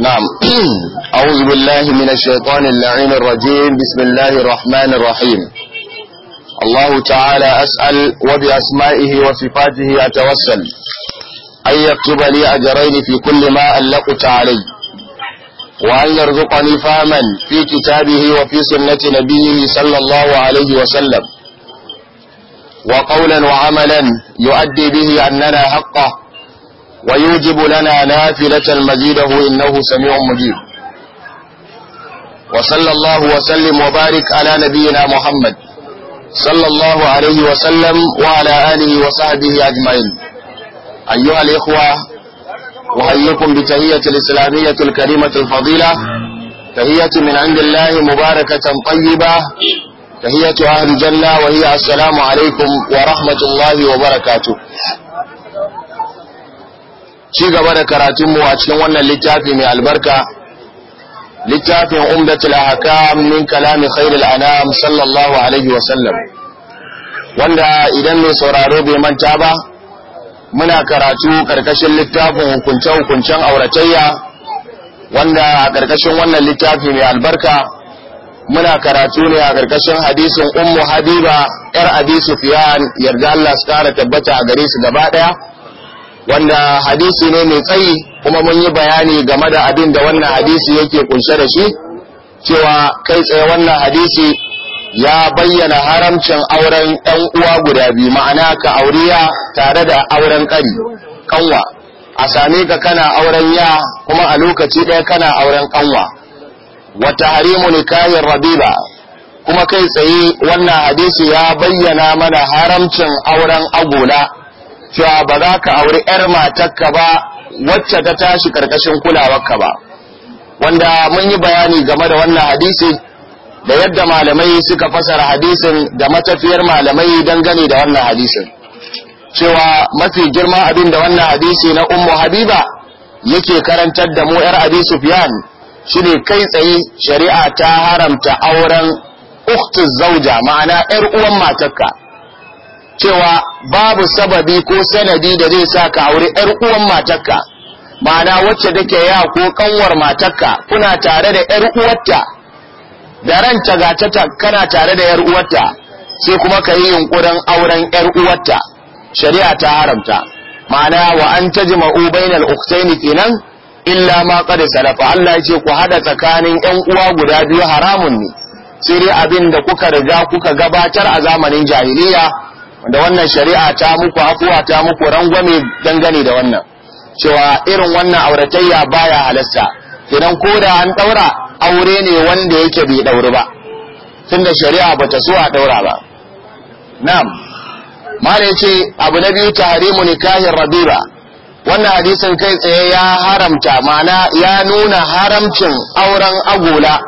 نعم أعوذ بالله من الشيطان اللعين الرجيم بسم الله الرحمن الرحيم الله تعالى أسأل وبأسمائه وصفاته أتوسل أن يكتب لي أجرين في كل ما ألقت علي وأن يرزقني فهما في كتابه وفي سنة نبيه صلى الله عليه وسلم وقولا وعملا يؤدي به أننا حقه ويوجب لنا نافلة مزيده إنه سميع مجيب وصلى الله وسلم وبارك على نبينا محمد صلى الله عليه وسلم وعلى آله وصحبه أجمعين أيها الإخوة أهيكم بتهية الإسلامية الكريمة الفضيلة تهية من عند الله مباركة طيبة تهية أهل الجنة وهي السلام عليكم ورحمة الله وبركاته ci gaba da karatunmu a cikin wannan littafi mai albarka littafin umdatul ahkam min kalami khairul anam sallallahu alaihi wa sallam wanda idan mai sauraro bai manta ba muna karatu karkashin littafin hukunce hukuncen auratayya wanda a karkashin wannan littafi mai albarka muna karatu ne a karkashin hadisin ummu habiba yar abi sufyan yarda Allah su kara tabbata a gare su gaba daya wanda hadisi ne mai tsayi kuma mun yi bayani game da abin da wannan hadisi yake kunshe da shi cewa kai tsaye wannan hadisi ya bayyana haramcin auren ɗan uwa guda biyu ma'ana ka auriya tare da auren ƙari ƙanwa a same ka kana auren ya kuma a lokaci ɗaya kana auren ƙanwa. wata harimu kayan rabiba kuma kai tsaye wannan hadisi ya bayyana mana haramcin auren agula cewa ba za ka auri 'yar matarka ba wacce ta tashi karkashin kulawarka ba wanda mun yi bayani game da wannan hadisi da yadda malamai suka fasara hadisin da matafiyar malamai dangane da wannan hadisin cewa mafi girma abin da wannan hadisi na ummu habiba yake karantar da mu 'yar abi sufyan shine kai tsaye shari'a ta haramta auren uktu zauja ma'ana 'yar uwan matakka. cewa babu sababi ko sanadi da zai sa ka aure ‘yar uwan matarka, ma'ana wacce take ya ko kanwar matarka kuna tare da ‘yar uwarta, da ranta ga ta kana tare da ‘yar uwarta, sai kuma ka yi yunkurin auren ‘yar uwarta, shari'a ta haramta, ma'ana wa an ta jima'u bainal uktaini kenan illa ma qad salafa Allah ya ce ku hada tsakanin ‘yan uwa guda biyu haramun ne, sai dai abin da kuka riga kuka gabatar a zamanin jahiliya Da wannan shari'a ta muku afuwa ta muku rangwame dangane da wannan cewa irin wannan auratayya baya halasta idan ko da an daura aure ne wanda yake bai dauri ba tunda shari'a bata so a daura ba na'am Mare ce abu na biyu tahrimu nikahin rabiba wannan hadisin kai tsaye ya haramta ma'ana ya nuna haramcin auren agula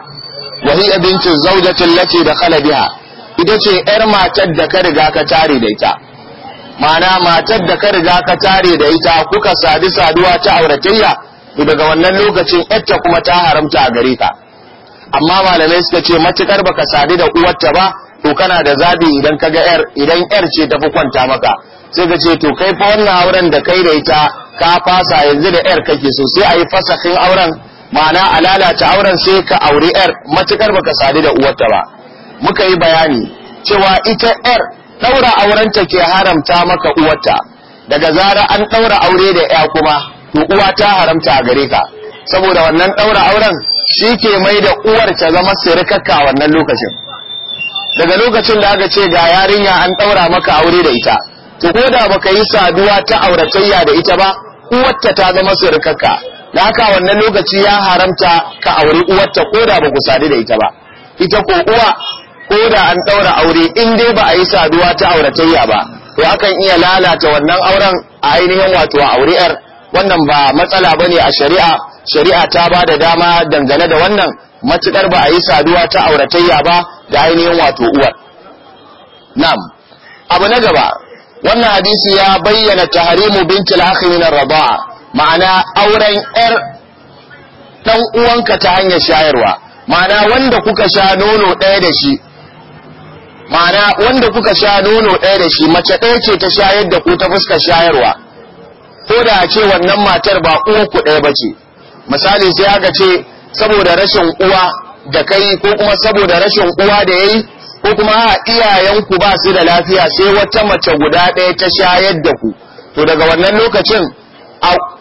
wa hiya bintu zawjati da dakhala biha ita ce ‘yar matar da ka riga ka tare da ita, mana matar da ka riga ka tare da ita kuka sadi saduwa ta auratayya, to daga wannan lokacin ‘yarta kuma ta haramta a gare ka. Amma malamai suka ce matukar baka sadu da uwarta ba, to kana da zabi idan ka ga ‘yar idan ‘yar ce tafi kwanta maka, sai ka ce to kai fa wannan auren da kai da ita ka fasa yanzu da ‘yar kake so sai a yi fasakin auren ma'ana a lalata auren sai ka aure ‘yar matukar baka sadu da uwarta ba. muka yi bayani cewa ita ‘yar ɗaura aurenta ke haramta maka uwarta daga zara an ɗaura aure da ‘ya kuma to uwa ta haramta a gare ka saboda wannan ɗaura auren shi ke mai da uwar ta zama sirikakka wannan lokacin daga lokacin da aka ce ga yarinya an ɗaura maka aure da ita to ko da baka yi saduwa ta auratayya da ita ba uwarta ta zama sirikakka da haka wannan lokaci ya haramta ka aure uwarta ko da baku sadu da ita ba ita ko uwa ko da an ɗaura aure in dai ba a yi saduwa ta auratayya ba to akan iya lalata wannan auren a ainihin wato aure'ar wannan ba matsala ba ne a shari'a shari'a ta ba da dama dangane da wannan matukar ba a yi saduwa ta auratayya ba da ainihin wato uwar na'am abu na gaba wannan hadisi ya bayyana tahrimu bintil akhi min ar ma'ana auren yar dan uwanka ta hanyar shayarwa ma'ana wanda kuka sha nono ɗaya da shi ma'ana wanda kuka sha nono ɗaya da shi mace ɗaya ce ta shayar da ku ta fuska shayarwa ko da a ce wannan matar ba uwar ku ɗaya ce misali sai aka ce saboda rashin uwa da kai ko kuma saboda rashin uwa da yayi ko kuma a iyayen ba su da lafiya sai wata mace guda ɗaya ta shayar da ku to daga wannan lokacin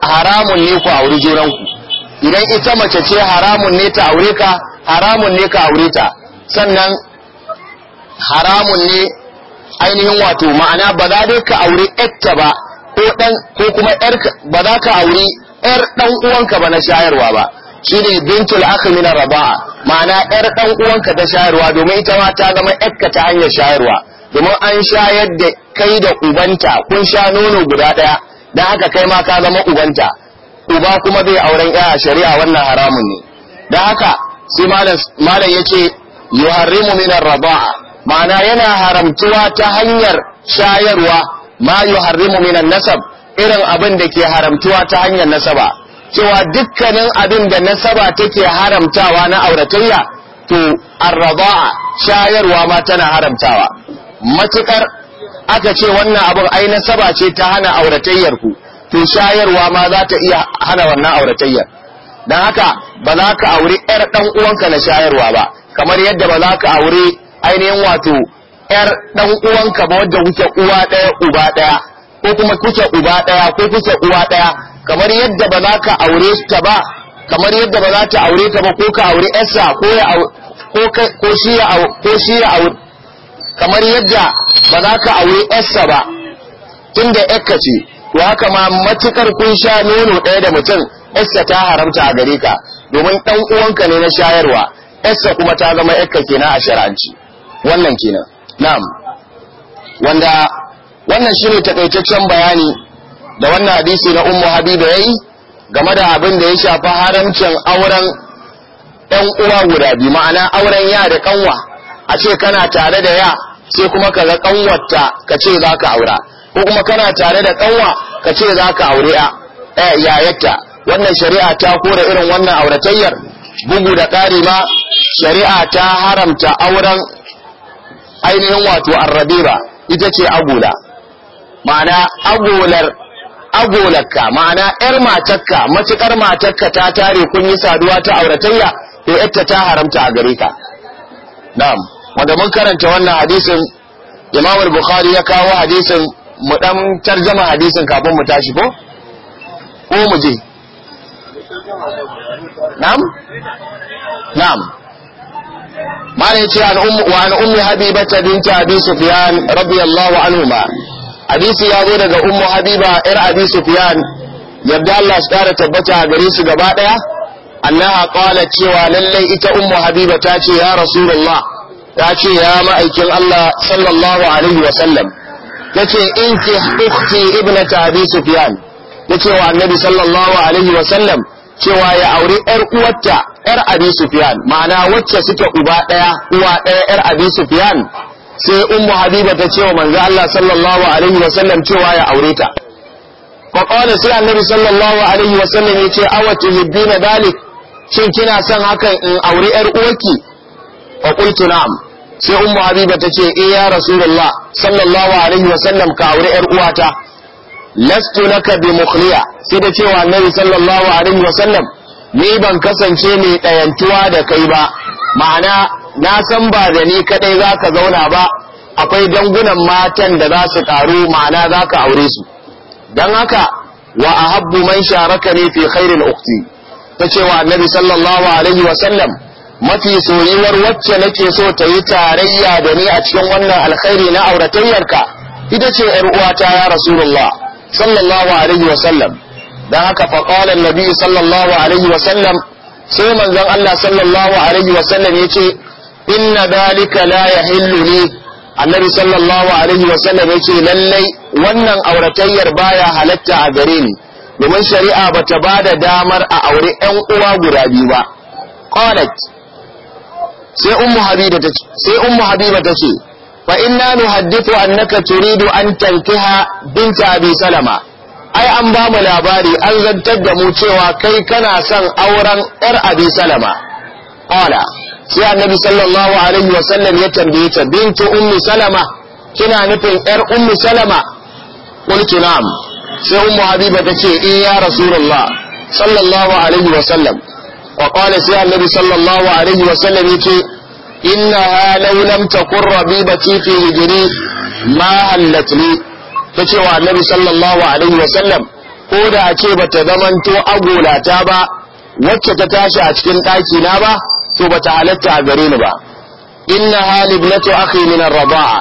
haramun ne ku auri junanku ku idan ita mace ce haramun ne ta aure ka haramun ne ka aure ta sannan haramun ne ainihin wato ma'ana ba za dai ka aure yarka ba ko ɗan ko kuma yar ba za ka aure yar ɗan uwanka ba na shayarwa ba shine bintul akhi min raba'a ma'ana yar ɗan uwanka ta shayarwa domin ita ma ta zama yarka ta hanyar shayarwa domin an shayar da kai da ubanta kun sha nono guda ɗaya dan haka kai ma ka zama ubanta uba kuma zai auren yaya shari'a wannan haramun ne dan haka sai malam malam yace yuharrimu min raba'a ma'ana yana haramtuwa ta hanyar shayarwa ma yuharrimu minan nasab irin abin da ke haramtuwa ta hanyar nasaba cewa dukkanin abin da nasaba take haramtawa na auratayya to arraba'a shayarwa ma tana haramtawa matukar aka ce wannan abin ai nasaba ce ta hana auratayyar ku to shayarwa ma za ta iya hana wannan auratayyar dan haka ba za ka aure yar dan uwanka na shayarwa ba kamar yadda ba za ka aure ainihin wato yar dan uwanka ba wadda kuke uwa daya uba daya ko kuma kuke uba daya ko kuke uwa daya kamar yadda ba za ka aure ta ba kamar yadda ba za ta aure ta ba ko ka aure yarsa ko ya ko shi ya ko shi ya aure kamar yadda ba za ka aure yarsa ba tunda yarka ce to haka ma matukar kun sha nono daya da mutum yarsa ta haramta a gare ka domin dan uwanka ne na shayarwa yarsa kuma ta zama yarka kenan a shar'anci wannan kenan na'am wanda wannan shine takaitaccen bayani da wannan hadisi na ummu habiba yayi game da abin da ya shafa haramcin auren ɗan uwa guda biyu ma'ana auren ya da kanwa a ce kana tare da ya sai kuma ka ga kanwarta ka ce za ka aura ko kuma kana tare da kanwa ka ce za ka aure yayarta wannan shari'a ta kora irin wannan auratayyar bugu da ƙari ma shari'a ta haramta auren ainihin wato arrabira ita ce agola ma'ana agolar agolarka ma'ana yar matakka matukar matakka ta tare kun yi saduwa ta auratayya to yarta ta haramta a gare ka na'am wanda mun karanta wannan hadisin Imam al-Bukhari ya kawo hadisin mu dan tarjama hadisin kafin mu tashi ko ko mu je na'am na'am malam ce an ummu binta an ummu habiba ta binti abi sufyan ya zo daga ummu habiba ir abi sufyan yadda Allah ya tsara tabbata gare su gaba daya annaha qalat cewa lallai ita ummu habiba ta ce ya rasulullah ta ce ya ma'aikin Allah sallallahu alaihi wa sallam yace in ki ukhti ibnata abi sufyan yace wa annabi sallallahu alaihi wa sallam cewa ya auri yar uwarta 'yar abi sufyan ma'ana wacce suke uba ɗaya uwa ɗaya 'yar abi sufyan sai ummu habiba ta ce wa manzo Allah sallallahu alaihi wa sallam cewa ya aure ta fa qala sai annabi sallallahu alaihi wa sallam ya ce awatu hibbina dalik shin kina son hakan in aure 'yar uwarki fa qultu na'am sai ummu habiba ta ce eh ya rasulullah sallallahu alaihi wa sallam ka aure 'yar uwata lastu laka bi mukhliya sai da cewa annabi sallallahu alaihi wa sallam ni ban kasance mai ɗayantuwa da kai ba ma'ana na san ba da ni kaɗai za ka zauna ba akwai dangunan matan da za su ƙaru ma'ana za ka aure su don haka wa a habbu man sharaka ne fi khairin ukti ta ce wa annabi sallallahu alaihi wa sallam mafi soyuwar wacce nake so ta yi tarayya da ni a cikin wannan alkhairi na auratayyarka ita ce 'yar uwata ya rasulullah sallallahu alaihi wa sallam Da haka faƙalar nabi sallallahu alaihi wasallam sai manzon Allah sallallahu alaihi wasallam ya ce inna dalika la yahillu ne annabi sallallahu alaihi wasallam ya ce lallai wannan auratayyar baya halatta a gare ni domin shari'a ba ta ba da damar a aure ƴan uwa guda biyu ba qalat sai ummu habiba ta ce sai ummu habiba ta ce fa inna nuhaddithu annaka turidu an tankiha binta abi salama ai an ba mu labari an zantar da mu cewa kai kana son auren ‘yar abi salama ƙwala sai annabi sallallahu alaihi wa sallam ya tambaye ta bintu ummi salama kina nufin ‘yar ummi salama qultu na'am sai ummu habiba tace in eh, ya rasulullah sallallahu alaihi wa sallam wa qala sai annabi sallallahu alaihi wa sallam yace innaha law lam takur rabibati fi hijri ma hallat li ta cewa annabi sallallahu alaihi sallam ko da a ce bata zamanto agolata ba wacce ta tashi a cikin ɗaki na ba to bata halatta a gare ni ba inna hali ibnatu akhi min arba'a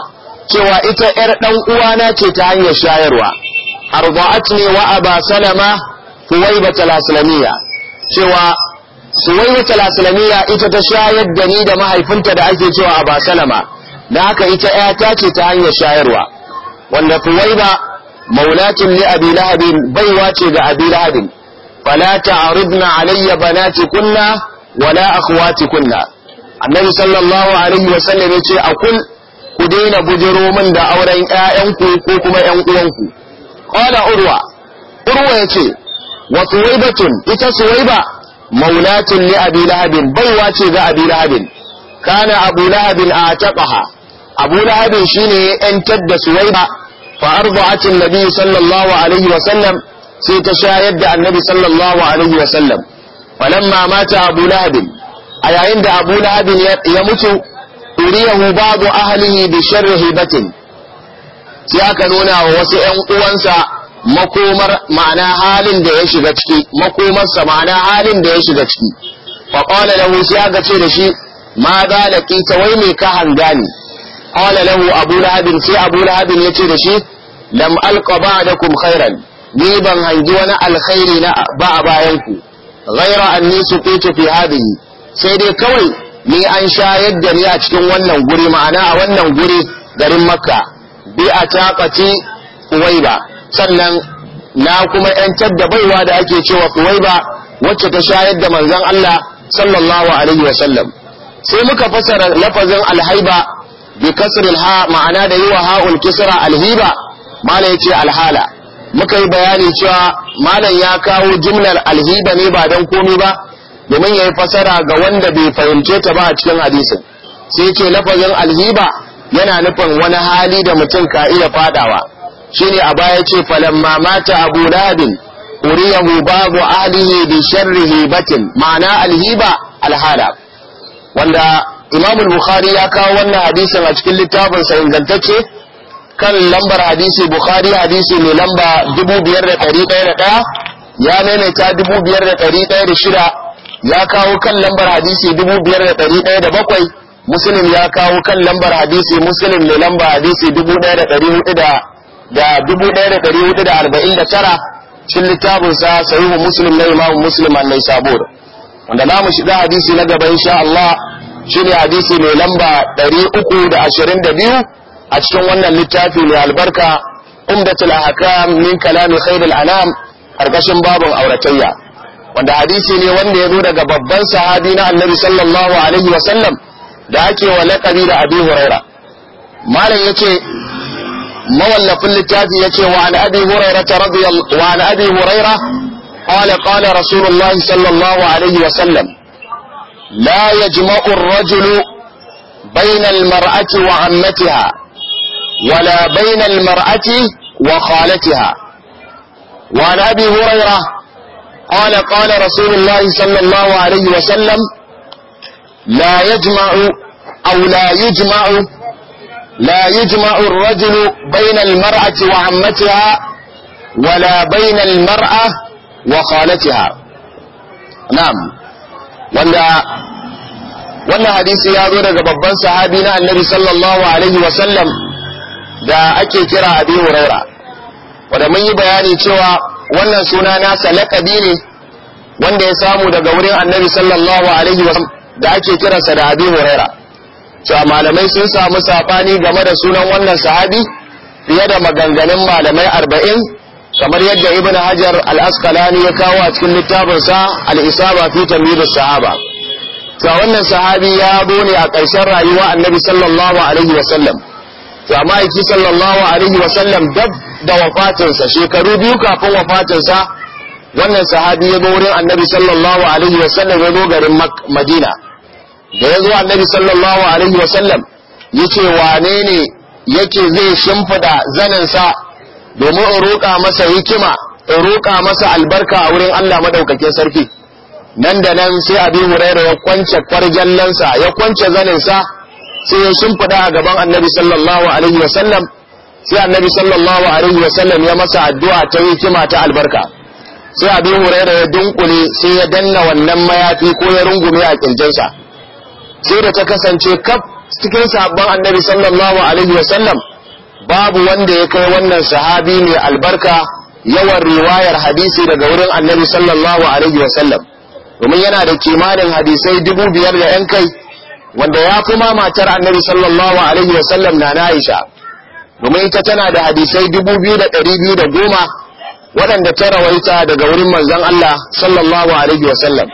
cewa ita yar dan uwana ce ta hanyar shayarwa arba'at ne wa aba salama huwaiba talaslamiya cewa suwaiba talaslamiya ita ta shayar da ni da mahaifinta da ake cewa aba salama da haka ita 'ya ta ce ta hanyar shayarwa wanda Suwaiba maulatin ne Abi Lahab baiwa ce ga Abi Lahab fala ta'ridna alayya banati kunna wala akhwati kunna annabi sallallahu alaihi wa sallam yace akul ku daina bujiro min da auren 'ya'yanku ko kuma ƴan uwanku qala urwa urwa yace wa suwaibatun ita suwaiba maulatun ne abi lahabin baiwa ce ga abi lahabin kana abu lahabin a taɓaha abu lahabin shine ya 'yantar da suwaiba fa arda'atin nabi sallallahu alaihi wa sallam sai ta sha da annabi sallallahu alaihi wa sallam falamma mata abu a yayin da abu ya mutu uriyahu babu ahlihi bi sharri hibatin sai aka nuna wa wasu 'yan uwansa makomar ma'ana halin da ya shiga ciki makomarsa ma'ana halin da ya shiga ciki fa qala lahu sai aka ce da shi ma za laqita wai me ka hangani qala lahu abu lahab sai abu lahab ya ce da shi lam alqa ba'dakum khairan ni ban hangi wani alkhairi na ba a bayan ku ghaira anni suqitu fi hadhihi sai dai kawai ni an shayar da ni a cikin wannan guri ma'ana a wannan guri garin makka bi a taqati uwaiba sannan na kuma yantar da baiwa da ake cewa uwaiba wacce ta shayar da manzon Allah sallallahu alaihi wa sallam sai muka fasara lafazin alhaiba bi kasril ha ma'ana da yiwa ha'ul kisra alhiba malam ya ce alhala muka yi bayani cewa malam ya kawo jimlar alhiba ne ba don komi ba domin ya yi fasara ga wanda bai fahimce ta ba a cikin hadisin sai ce lafazin alhiba yana nufin wani hali da mutum ka iya fadawa shine a baya ce falamma mata abu labin uriyahu babu ahlihi bi sharri hibatin ma'ana alhiba alhala wanda imamul bukhari ya kawo wannan hadisin a cikin littafin sa ingantacce kan lambar hadisi bukhari hadisi mai lamba 5,101 ya maimaita shida. ya kawo kan lambar hadisi bakwai. muslim ya kawo kan lambar hadisi muslim mai lamba hadisi tara cin littafinsa sahihu muslim na imamu muslim annai sabur wanda namu shiga hadisi na gaba insha Allah shine hadisi mai lamba uku da da ashirin biyu. a cikin wannan littafi mai albarka umdatul ahkam min kalami khairul anam karkashin babin auratayya wanda hadisi ne wanda ya zo daga babban sahabi na annabi sallallahu alaihi wa sallam da ake wa laqabi da abi huraira malam yace mawallafin littafi yace wa an abi huraira radiyallahu wa an abi huraira qala qala rasulullahi sallallahu alaihi wa sallam la yajma'u ar-rajulu bayna al-mar'ati wa ammatiha ولا بين المرأة وخالتها وعن أبي هريرة قال قال رسول الله صلى الله عليه وسلم لا يجمع أو لا يجمع لا يجمع الرجل بين المرأة وعمتها ولا بين المرأة وخالتها نعم ولا ولا حديث يا zo daga النبي صلى الله عليه وسلم da ake kira abi huraira wanda mun yi bayani cewa wannan suna nasa lakabi ne wanda ya samu daga wurin annabi sallallahu alaihi wasallam da ake kiransa da abi huraira cewa malamai sun samu sabani game da sunan wannan sahabi fiye da maganganun malamai arba'in kamar yadda ibn hajar al-asqalani ya kawo a cikin littafinsa al-isaba fi tamyiz sahaba cewa wannan sahabi ya zo ne a ƙarshen rayuwa annabi sallallahu alaihi wasallam to amma sallallahu alaihi wa sallam dab da wafatinsa shekaru biyu kafin wafatinsa wannan sahabi ya zo wurin annabi sallallahu alaihi wa sallam ya zo garin madina da ya zo annabi sallallahu alaihi sallam ya ce wane ne yake zai shimfida zaninsa domin in roƙa masa hikima in roƙa masa albarka a wurin allah maɗaukakin sarki nan da nan sai abin huraira ya kwance kwarjallansa ya kwance zaninsa sai ya shimfiɗa a gaban annabi sallallahu alaihi sallam sai annabi sallallahu alaihi sallam ya masa addu'a ta hikima ta albarka sai abu huraira ya dunkule sai ya danna wannan mayafi ko ya rungume a kirjinsa sai da ta kasance kaf cikin sabon annabi sallallahu alaihi wa sallam babu wanda ya kai wannan sahabi mai albarka yawan riwayar hadisi daga wurin annabi sallallahu alaihi wa sallam domin yana da kimanin hadisai dubu biyar da yan kai wanda ya kuma matar annabi sallallahu alaihi wasallam na Aisha domin ita tana da hadisai 2210 waɗanda ta rawaita daga wurin manzon Allah sallallahu alaihi wasallam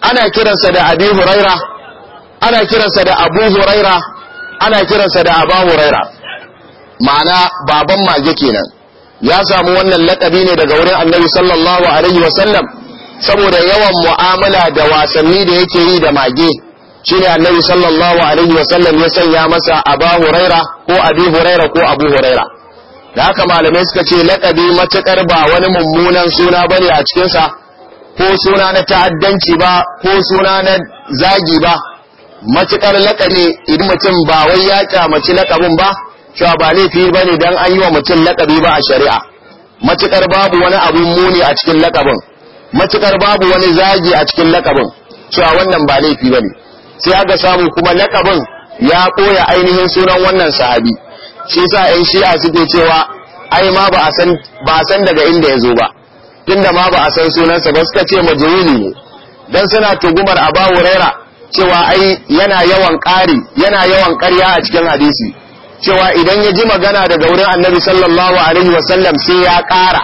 ana kiransa da Abi Huraira ana kiransa da Abu Huraira ana kiransa da Aba Huraira ma'ana baban mage kenan ya samu wannan laƙabi ne daga wurin annabi sallallahu alaihi wasallam saboda yawan mu'amala da wasanni da yake yi da mage shine annabi sallallahu alaihi sallam ya sanya masa aba huraira ko abi huraira ko abu huraira da haka malamai suka ce laƙabi matuƙar ba wani mummunan suna bane a cikinsa ko suna na ta'addanci ba ko suna na zagi ba matuƙar laƙabi idan mutum ba wai ya kyamaci laƙabin ba cewa ba laifi ba ne don an yi wa mutum laƙabi ba a shari'a matuƙar babu wani abu muni a cikin laƙabin matuƙar babu wani zagi a cikin laƙabin cewa wannan ba laifi bane. sai aka samu kuma lakabin ya koya ainihin sunan wannan sahabi shi sa ƴan shi'a suke cewa ai ma ba a san ba san daga inda ya zo ba tunda ma ba a san sunansa ba suka ce majruni ne dan suna tugumar ba Huraira cewa ai yana yawan ƙari yana yawan ƙarya a cikin hadisi cewa idan ya ji magana daga wurin annabi sallallahu alaihi wasallam sai ya ƙara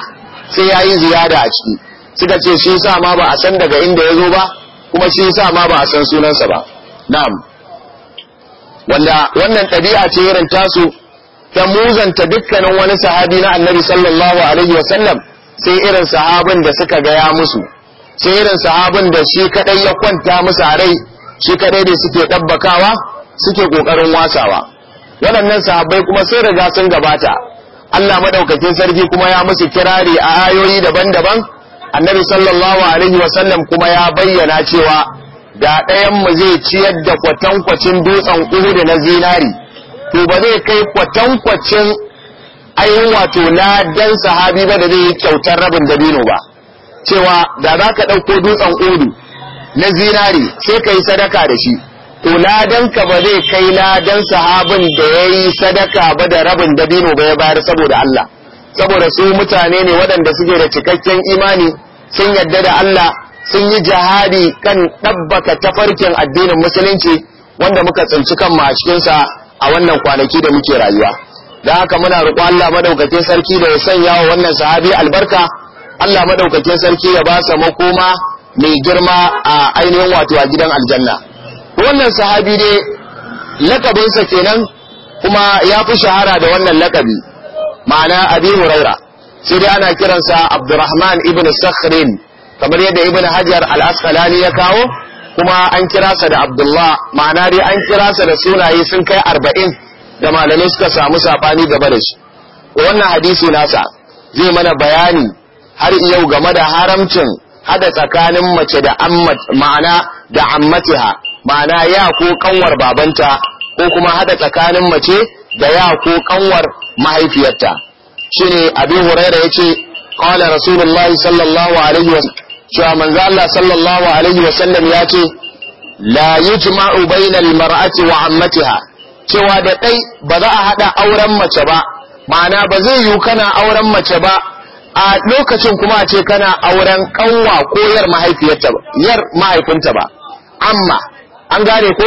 sai ya yi ziyada a ciki suka ce shi sa ma ba a san daga inda ya zo ba kuma shi sa ma ba a san sunansa ba na'am wanda wannan ɗabi'a ce irin tasu ta muzanta dukkanin wani sahabi na annabi sallallahu alaihi wasallam sai irin sahabin da suka gaya musu sai irin sahabin da shi kadai ya kwanta musu a rai shi kadai da suke ɗabbakawa suke ƙoƙarin wasawa waɗannan sahabbai kuma sai riga sun gabata Allah madaukakin sarki kuma ya musu kirari a ayoyi daban-daban annabi sallallahu alaihi wasallam kuma ya bayyana cewa da mu zai ciyar da kwatankwacin dutsen da na zinari to ba zai kai kwatankwacin ainihin wato na dan sahabi ba da zai yi kyautar rabin dabino ba cewa da za ka ɗauko dutsen uhu na zinari sai ka yi sadaka da shi to ladanka ba zai kai ladan sahabin da ya yi sadaka ba da rabin dabino ba ya bayar saboda Allah saboda su mutane ne waɗanda suke da cikakken imani sun yadda da Allah sun yi jihadi kan ɗabbaka tafarkin addinin musulunci wanda muka tsinci kanmu a cikinsa a wannan kwanaki da muke rayuwa da haka muna roƙo Allah madaukakin sarki da ya sanya wa wannan sahabi albarka Allah madaukakin sarki ya ba sa makoma mai girma a ainihin wato a gidan aljanna wannan sahabi ne lakabinsa kenan kuma ya fi shahara da wannan lakabi ma'ana abi huraira sai dai ana kiransa abdurrahman ibn sakhrin kamar yadda ibn hajar al-asqalani ya kawo kuma an kira sa da abdullah ma'ana dai an kira sa da sunaye sun kai arba'in da malamai suka samu sabani game da shi wannan hadisi nasa zai mana bayani har yau game da haramcin hada tsakanin mace da ma'ana da ammatiha ma'ana ya ko kanwar babanta ko kuma hada tsakanin mace da ya ko kanwar mahaifiyarta shine abi huraira yace qala rasulullahi sallallahu alaihi wasallam cewa manzo Allah sallallahu alaihi wa sallam ya ce la yujma'u bainal mar'ati wa ammatiha cewa da dai ba za a hada auren mace ba ma'ana ba zai yiwu kana auren mace ba a lokacin kuma a ce kana auren kanwa ko yar mahaifiyarta ba yar mahaifinta ba amma an gane ko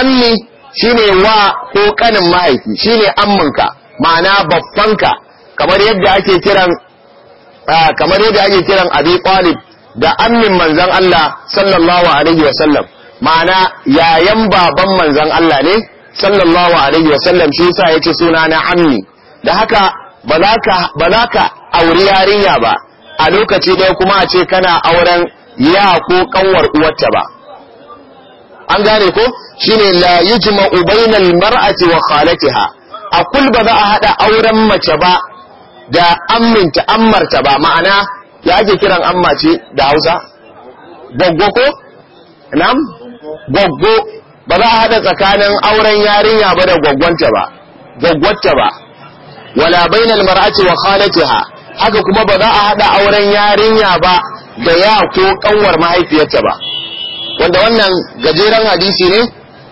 ammi shine wa ko kanin mahaifi shine amminka ma'ana babbanka kamar yadda ake kiran kamar yadda ake kiran abi talib da ammin manzan Allah sallallahu alaihi wasallam ma'ana yayan baban manzan Allah ne sallallahu alaihi wasallam shi yasa yace suna na ammi da haka ba za ka auri yarinya ba a lokaci ɗaya kuma a ce kana auren ya ko kanwar uwarta ba an gane ko shine la yujma'u bainal mar'ati wa khalatiha akul ba za a hada auren mace ba da amminta ammarta ba ma'ana ya ake kiran amma ce da hausa goggo ko nan, goggo ba za a haɗa tsakanin auren yarinya ba da goggonta ba goggonta ba wala bainal mar'ati wa khalatiha haka kuma ba za a haɗa auren yarinya ba da ya ko kanwar mahaifiyarta ba wanda wannan gajeren hadisi ne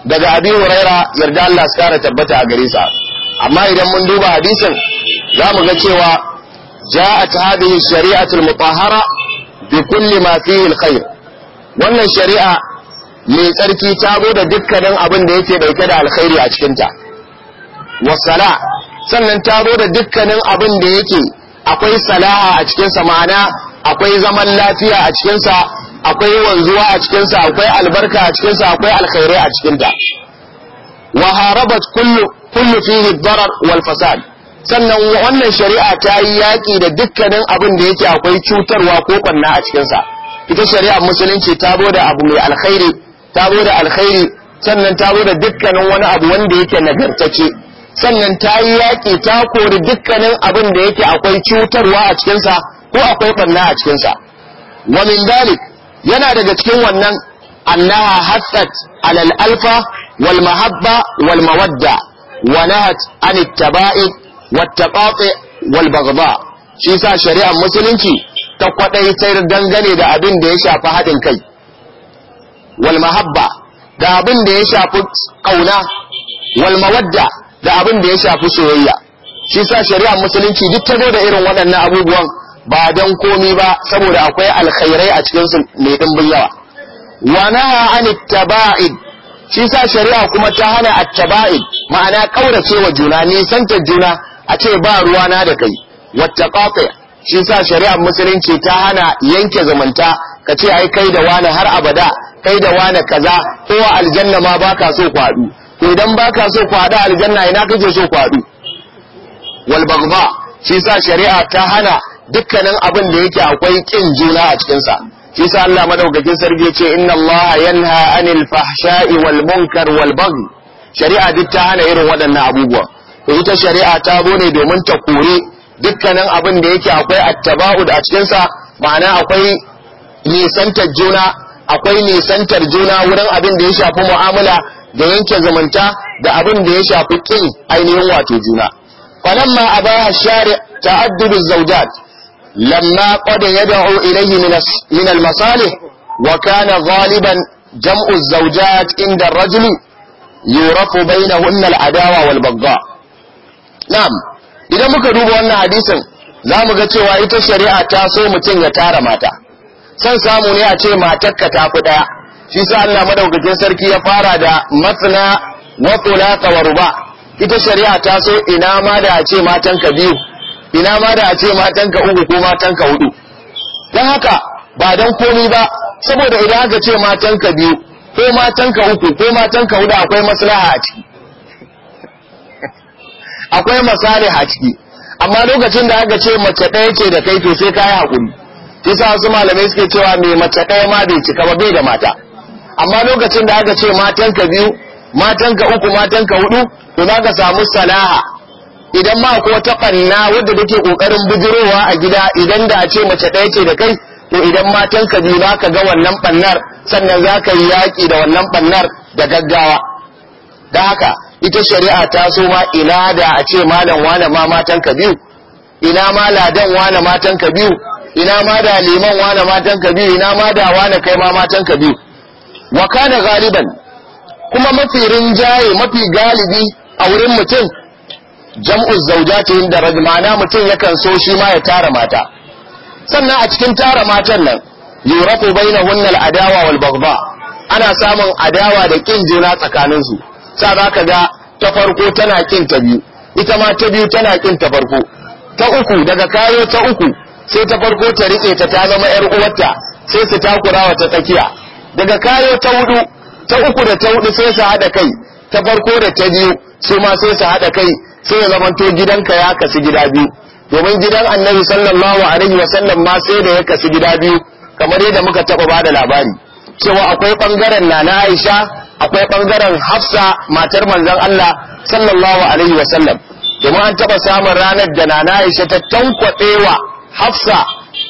daga abi huraira yarda Allah su kara tabbata a gare amma idan mun duba hadisin za mu ga cewa جاءت هذه الشريعة المطهرة بكل ما فيه الخير wannan shari'a mai tsarki ta zo da dukkanin abin da yake dauke da alkhairi a cikinta wasala sannan ta zo da dukkanin abin da yake akwai salaha a cikinsa ma'ana akwai zaman lafiya a cikinsa akwai wanzuwa a cikinsa akwai albarka a cikinsa akwai alkhairi a cikinta wa harabat kullu kullu fihi darar wal fasad sannan wannan shari'a ta yi yaƙi da dukkanin abin da yake akwai cutarwa ko ɓanna a cikinsa ita shari'ar musulunci ta zo da abu mai alkhairi ta zo da alkhairi sannan ta zo da dukkanin wani abu wanda yake nagartace sannan ta yi yaƙi ta kori dukkanin abin da yake akwai cutarwa a cikinsa ko akwai ɓanna a cikinsa wa min dalik yana daga cikin wannan annaha hassat alal alfa wal mahabba wal mawadda wa nahat an wattaqati wal shi sa shari'ar musulunci ta kwadaitar dangane da abin da ya shafi haɗin kai wal mahabba da abin da ya shafi kauna wal da abin da ya shafi soyayya shi sa shari'ar musulunci duk ta da irin waɗannan abubuwan ba don komi ba saboda akwai alkhairai a cikin su mai dimbin yawa wa naha an taba'id shi sa shari'a kuma ta hana at-taba'id ma'ana kaurace wa juna nisantar juna a ce ba na da kai wattaqafi shi sa shari'ar musulunci ta hana yanke zumunta ka ce ai kai da wani har abada kai da wani kaza ko aljanna ma baka so kwadu to idan baka so kwadu aljanna ina kake so kwadu wal bagba shi sa shari'a ta hana dukkanin abin da yake akwai kin juna a cikin sa shi sa Allah madaukakin sarki ya ce inna Allah yanha anil fahsha'i wal munkar wal bagh shari'a duk ta hana irin waɗannan abubuwa ita shari'a ta zo domin ta kore dukkanin abin da yake akwai attaba'ud a cikinsa ma'ana akwai nisantar juna akwai nisantar juna wurin abin da ya shafi mu'amala da yanke zumunta da abin da ya shafi kin ainihin wato juna a abaha shari ta'addudu zawjat lamma qad yad'u ilayhi min al-masalih wa kana ghaliban jam'u zawjat inda ar-rajuli yurafu bainahunna al-adawa wal-baghdha na'am idan muka duba wannan hadisin za mu ga cewa ita shari'a ta so mutum ya tara mata san samu ne a ce matarka ta fi ɗaya shi sa Allah madaukakin sarki ya fara da matsala wa thulatha wa ruba ita shari'a ta so ina ma da a ce matanka biyu ina ma da a ce matanka uku ko matanka hudu dan haka ba dan komi ba saboda idan aka ce matanka biyu ko matanka uku ko matanka hudu akwai maslaha a ciki akwai a ciki amma lokacin da aka ce mace ɗaya ce da kai to sai ka yi haƙuri kisa wasu malamai suke cewa mai mace ɗaya ma bai cika ba bai da mata amma lokacin da aka ce matanka biyu matanka uku matanka hudu to za ka samu salaha idan ma ko ta ɓanna wadda take ƙoƙarin bujirowa a gida idan da a ce mace ɗaya ce da kai to idan matan ka biyu za ka ga wannan ɓannar sannan za ka yi yaƙi da wannan ɓannar da gaggawa da haka ita shari'a ta so ma ina da a ce malam wane ma matan ka biyu ina ma ladan wane matan ka biyu ina ma da liman wane matan ka biyu ina ma da wane kai ma matan ka biyu wa kana galiban kuma mafi rinjaye mafi galibi a wurin mutum jam'u zawjati da rajmana mutum yakan so shi ma ya tara mata sannan a cikin tara matan nan yurafu bainahunnal adawa wal baghdha ana samun adawa da kin juna tsakaninsu sa za ka ga ta farko tana kin ta biyu ita ma ta biyu tana kin ta farko ta uku daga kayo ta uku sai ta farko ta rike ta ta zama yar uwarta sai su takura wa ta tsakiya daga kayo ta hudu ta uku da ta hudu sai su hada kai ta farko da ta biyu su ma sai su hada kai sai ya zamanto gidanka ya kasu gida biyu domin gidan annabi sallallahu alaihi wasallam ma sai da ya kasu gida biyu kamar yadda muka taba bada labari cewa akwai bangaren na na Aisha akwai ɓangaren hafsa matar manzon Allah sallallahu alaihi wa sallam. domin an taɓa samun ranar da nana Aisha ta wa hafsa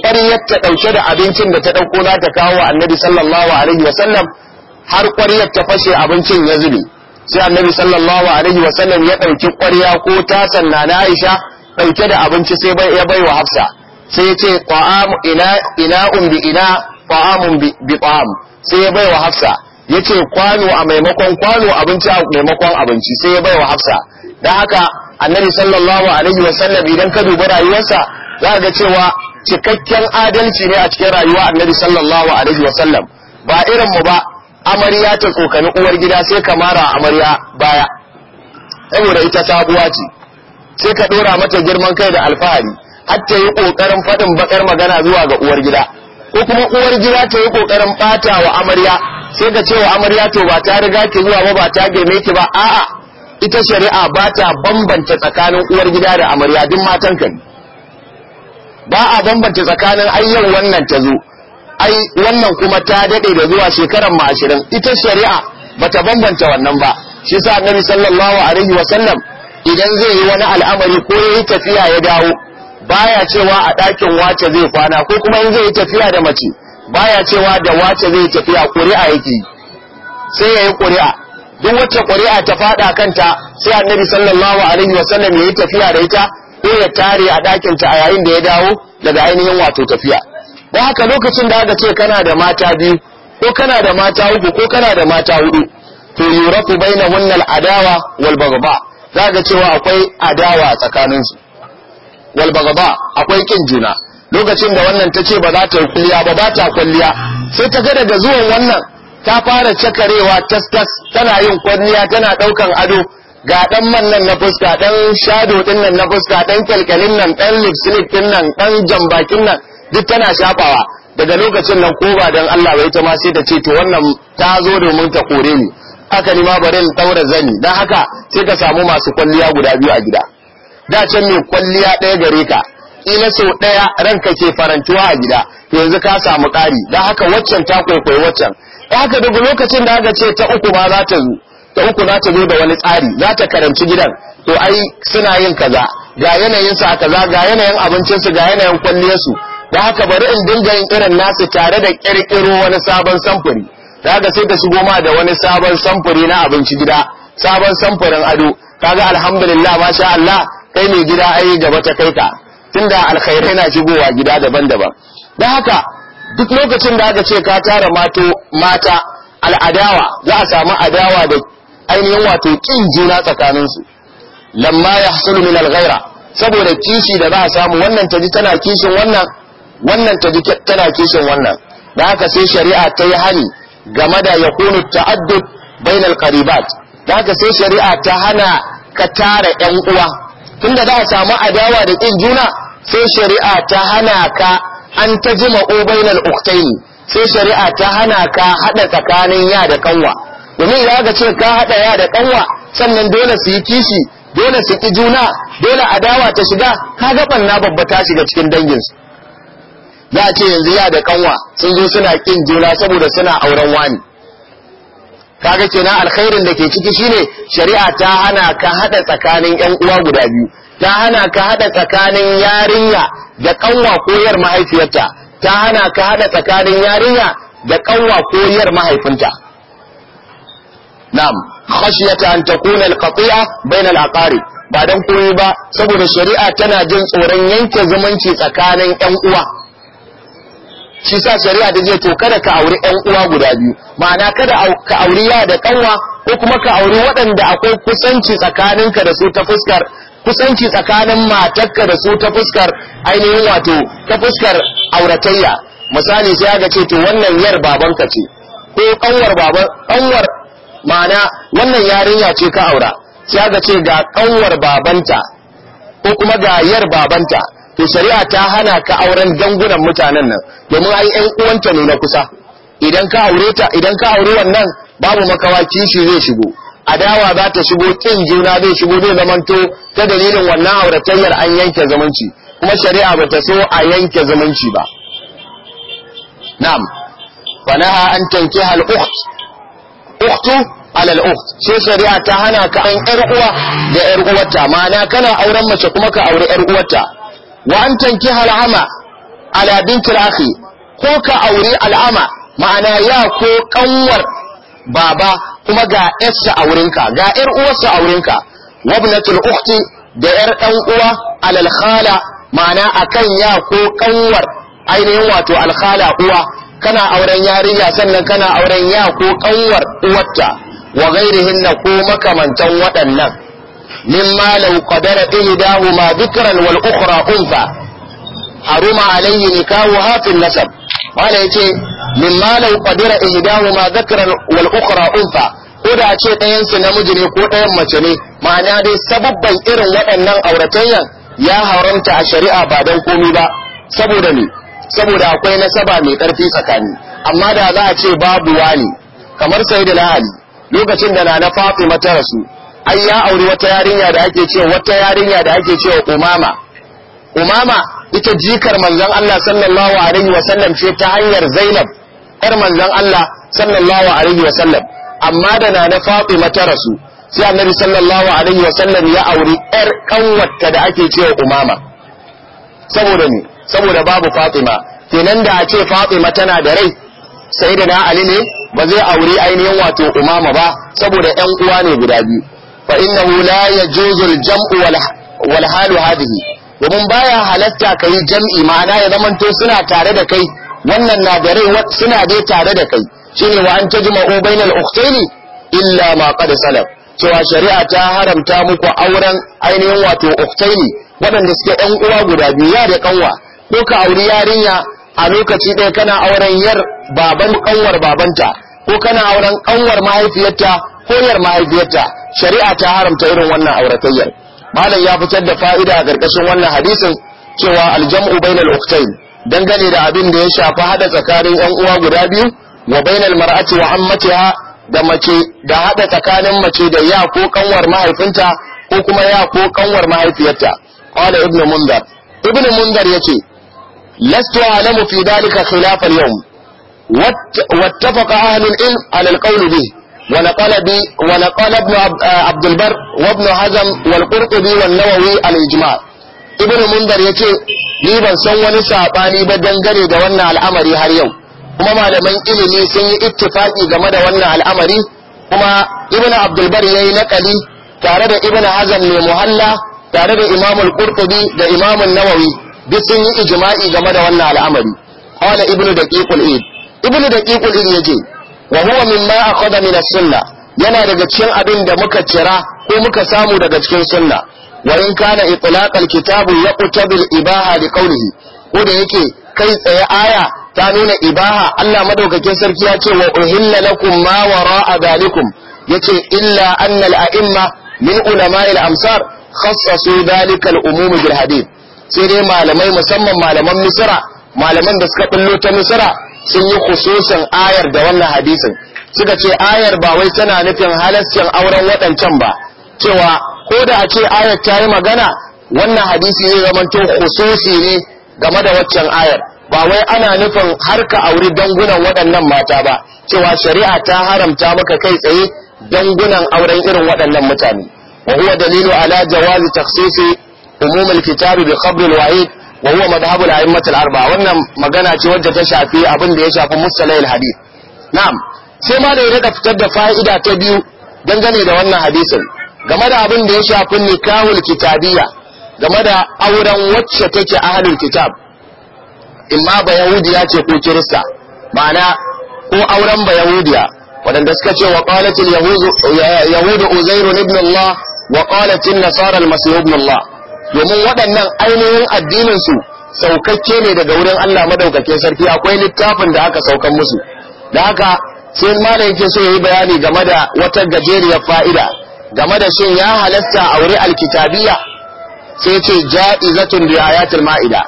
ƙwaryar ta ɗauke da abincin da ta ɗauko za ta kawo annabi sallallahu alaihi wa sallam. har ƙwaryar ta fashe abincin ya zube sai annabi sallallahu alaihi wa sallam ya ɗauki ƙwarya ko tasan nana Aisha ɗauke da abinci sai ya bai wa hafsa sai ya ce ina um bi ina bi sai ya baiwa hafsa ya ce kwano a maimakon kwano abinci a maimakon abinci sai ya bai wa hafsa da haka annabi sallallahu alaihi wa sallam, idan ka dubi rayuwarsa za ga cewa cikakken adalci ne a cikin rayuwa annabi sallallahu alaihi wa sallam. ba irin mu ba amarya ta tsokani uwar gida sai ka mara amarya baya saboda ita sabuwa ce sai ka dora mata girman kai da alfahari har ta yi kokarin faɗin bakar magana zuwa ga uwar gida ko kuma uwar gida ta yi kokarin bata wa amarya sai ka ce wa amarya to ba ta riga ki zuwa ba ba ta girme ki ba a'a ita shari'a ba ta bambanta tsakanin uwar gida da amarya duk matan ka ba a bambanta tsakanin ai yau wannan ta zo ai wannan kuma ta dade da zuwa shekaran mu ashirin ita shari'a ba ta bambanta wannan ba shi sa annabi sallallahu alaihi wa sallam idan zai yi wani al'amari ko yayi tafiya ya dawo baya cewa a ɗakin wace zai kwana ko kuma in zai tafiya da mace baya cewa da wace zai tafiya ƙuri'a yake sai ya yi ƙuri'a duk wacce ƙuri'a ta faɗa kanta sai annabi sallallahu alaihi sallam ya yi tafiya da ita ko ya tare a ɗakinta a yayin da ya dawo daga ainihin wato tafiya da haka lokacin da aka ce kana da mata biyu ko kana da mata uku ko kana da mata hudu to yuraku bainahunnal adawa wal baghda zaka cewa akwai adawa tsakaninsu wal bagaba akwai kin juna lokacin da wannan ta ce ba za ta yi kulliya ba ba ta kulliya sai ta ga daga zuwan wannan ta fara cakarewa tas tas tana yin kwalliya tana ɗaukan ado ga ɗan man na fuska ɗan shado din nan na fuska ɗan kyalkyalin nan dan lipstick din nan dan jambakin nan duk tana shafawa daga lokacin nan ko ba dan Allah bai ta ma sai ta ce to wannan ta zo domin ta kore ni haka ni ma bari in daura zani dan haka sai ka samu masu kwalliya guda biyu a gida da can mai kwalliya ɗaya gare ka Ina sau ɗaya ranka ke farantuwa a gida to yanzu ka samu ƙari da haka waccan ta kwaikwayi waccan da haka daga lokacin da aka ce ta uku ma za ta zo ta uku za ta zo da wani tsari za ta karanci gidan to ai suna yin kaza ga yanayin sa kaza ga yanayin abincinsu ga yanayin kwalliyarsu da haka bari in dinga yin irin nasu tare da ƙirƙiro wani sabon samfuri da haka sai ta shigo ma da wani sabon samfuri na abinci gida sabon samfurin ado kaga alhamdulillah masha Allah kai mai gida ai gaba ta kai ka tunda alkhairai na shigowa gida daban-daban don haka duk lokacin da aka ce ka tara mato mata al'adawa za a samu adawa da ainihin wato kin juna tsakaninsu lamma ya min alghaira saboda kishi da za a samu wannan taji tana kishin wannan wannan taji tana kishin wannan da haka sai shari'a ta yi hani game da yakunu ta'addud bainal qaribat da haka sai shari'a ta hana ka tara yan uwa tunda za a samu adawa da ƙin juna sai shari'a ta hana ka an ta jima obainal uktaini sai shari'a ta hana ka haɗa tsakanin ya da kanwa domin ya ga ce ka haɗa ya da kanwa sannan dole su yi kishi dole su ki juna dole adawa ta shiga ka ga banna babba ta shiga cikin danginsu za a ce yanzu ya da kanwa sun zo suna ƙin juna saboda suna auren wani kaga kenan alkhairin da ke ciki shine shari'a ta hana ka hada tsakanin yan uwa guda biyu ta hana ka hada tsakanin yarinya da kanwa koyar mahaifiyarta ta hana ka hada tsakanin yarinya da kanwa koyar mahaifinta na'am khashiyata an takuna alqati'a bayna alaqari ba dan koyi ba saboda shari'a tana jin tsoron yanke zumunci tsakanin yan uwa shi sa shari'a ta zai to kada ka auri ɗan uwa guda biyu ma'ana kada ka auri ya da kanwa ko kuma ka auri waɗanda akwai kusanci tsakaninka da su ta fuskar kusanci tsakanin matarka da su ta fuskar ainihin wato ta fuskar auratayya misali sai ka ce to wannan yar babanka ce ko kanwar baban kanwar ma'ana wannan yarinya ce ka aura sai ga ce ga kanwar babanta ko kuma ga yar babanta to shari'a ta hana ka auren dangunan mutanen nan domin ai ƴan uwanta ne na kusa idan ka aure ta idan ka aure wannan babu makawa kishi zai shigo adawa za ta shigo kin juna zai shigo zai zamanto ta dalilin wannan auratayyar an yanke zumunci kuma shari'a ba ta so a yanke zumunci ba na'am fanaha an tankiha al-ukht ukhtu alal ukht shi shari'a ta hana ka an yar uwa da yar uwarta ma'ana kana auren mace kuma ka aure yar uwarta wa an tankiha al'ama ala binti akhi ko ka aure al'ama ma'ana ya ko kanwar baba kuma ga yarsa a wurinka ga yar uwarsa a wurinka wabnatul ukhti da yar dan uwa al khala ma'ana akan ya ko kanwar ainihin wato khala uwa kana auren yarinya sannan kana auren ya ko kanwar uwarta wa ghairihin na ko makamantan waɗannan مما لو قدر إهداهما ذكرا والأخرى أنثى حرم عليه نكاحها في النسب قال يتي مما لو قدر إهداهما ذكرا والأخرى أنثى ko da ce ɗayansu namiji ne ko ɗayan mace ne ma'ana dai sababban irin waɗannan auratayyan ya haramta a shari'a ba don komi ba saboda ne saboda akwai nasaba mai ƙarfi tsakani amma da za a ce babu wani kamar sai da lahali lokacin da na na mata rasu ai ya auri wata yarinya da ake cewa wata yarinya da ake cewa umama umama ita jikar manzon Allah sallallahu alaihi wa sallam ce ta hanyar Zainab yar manzon Allah sallallahu alaihi wa sallam amma da na na Fatima ta rasu sai Annabi sallallahu alaihi wa sallam ya auri yar kanwarta da ake cewa umama saboda ni saboda babu Fatima kenan da a ce Fatima tana da rai sai da na Ali ne ba zai aure ainihin wato umama ba saboda ƴan uwa ne guda biyu fa innahu ya yajuzu al-jam'u wal halu domin baya halatta kai jam'i ma'ana ya zamanto suna tare da kai wannan na da suna dai tare da kai shine wa an tajma'u bainal ukhtaini illa ma qad salaf cewa shari'a ta haramta muku auren ainihin wato uktaini waɗanda suke ɗan uwa guda biyu ya da kanwa ko ka auri yarinya a lokaci ɗaya kana auren yar ƙanwar babanta ko kana auren ƙanwar mahaifiyarta koyar mahaifiyarta shari'a ta haramta irin wannan auratayyar malam ya fitar da fa'ida a karkashin wannan hadisin cewa aljam'u bainal ukhtayn dangane da abin da ya shafi hada tsakanin yan uwa guda biyu wa bainal mar'ati wa ammatiha da mace da hada tsakanin mace da ya ko kanwar mahaifinta ko kuma ya ko kanwar mahaifiyarta qala ibnu mundar ibnu mundar yace lastu alamu fi dalika khilaf al-yawm wattafaqa ahlul ilm ala al-qawl bihi ونقل ونقل ابن عبد البر وابن حزم والقرطبي والنووي الإجماع ibn mundar ya ni ban san wani saɓani ba dangane da wannan al'amari har yau kuma malaman ilimi sun yi ittifaki game da wannan al'amari kuma ibn abdulbar ya yi nakali tare da ibn hazan mai muhalla tare da Imamul ƙurƙubi qurtubi da Imamul nawawi duk sun yi ijma'i game da wannan al'amari qala ibn daqiqul id ibn daqiqul id yace wa huwa mimma akhadha min as-sunnah yana daga cikin abin da muka cira ko muka samu daga cikin sunna wa in kana itlaq al-kitab yaqtabil ibaha li qawlihi ko da yake kai tsaye aya ta nuna ibaha Allah madaukakin sarki ya ce wa uhilla lakum ma wara'a dalikum yace illa anna al-a'imma min ulama'i al-amsar khassasu dalika al-umum bil hadith sai dai malamai musamman malaman misra malaman da suka bullo ta misra sun yi khususin ayar da wannan hadisin suka ce ayar ba wai tana nufin halascin auren waɗancan ba cewa ko da a ce ayar ta yi magana wannan hadisi zai zamanto khususi ne game da waccan ayar ba wai ana nufin har ka auri dangunan waɗannan mata ba cewa shari'a ta haramta maka kai tsaye dangunan auren irin waɗannan mutane wa huwa dalilu ala jawazi takhsisi umumul kitabi bi al wa'id wa huwa madhhabul a'immatul arba wannan magana ce wadda ta shafi abin da ya shafi mustalahil hadith na'am sai ma da ya daga fitar da fa'ida ta biyu dangane da wannan hadisin game da abin da ya shafi nikahul kitabiyya game da auren wacce take ahlul kitab imma ba yahudiya ce ko kirista ma'ana ko auren ba yahudiya wadanda suka ce wa qalatil yahudu uzairu ibn allah wa qalatil nasara al-masih ibn allah domin waɗannan ainihin addininsu su saukakke ne daga wurin Allah madaukakin sarki akwai littafin da aka saukan musu da haka sai malam yake so ya yi bayani game da wata gajeriyar fa'ida game da shin ya halasta aure alkitabiyya sai ce ja'izatun bi ayatul ma'ida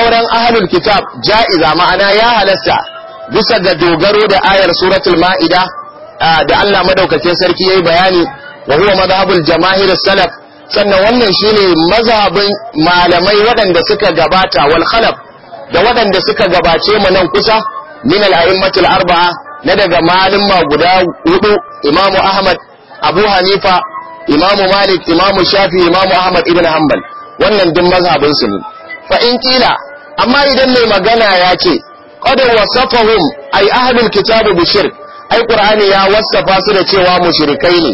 auren ahlul kitab ja'iza ma'ana ya halasta bisa ga dogaro da ayar suratul ma'ida da Allah madaukakin sarki yayi bayani wa huwa madhhabul jamaahir salaf sannan wannan shine mazhabin malamai waɗanda suka gabata wal khalaf da waɗanda suka gabace mu nan kusa min al a'immatul arba'a na daga ma guda hudu Imam Ahmad Abu Hanifa Imam Malik Imam Shafi Imam Ahmad ibn Hanbal wannan duk mazhabin su ne fa in kila amma idan mai magana ya ce qad wasafahum ay ahlul kitab bi shirk ai qur'ani ya wasafa su da cewa mushrikai ne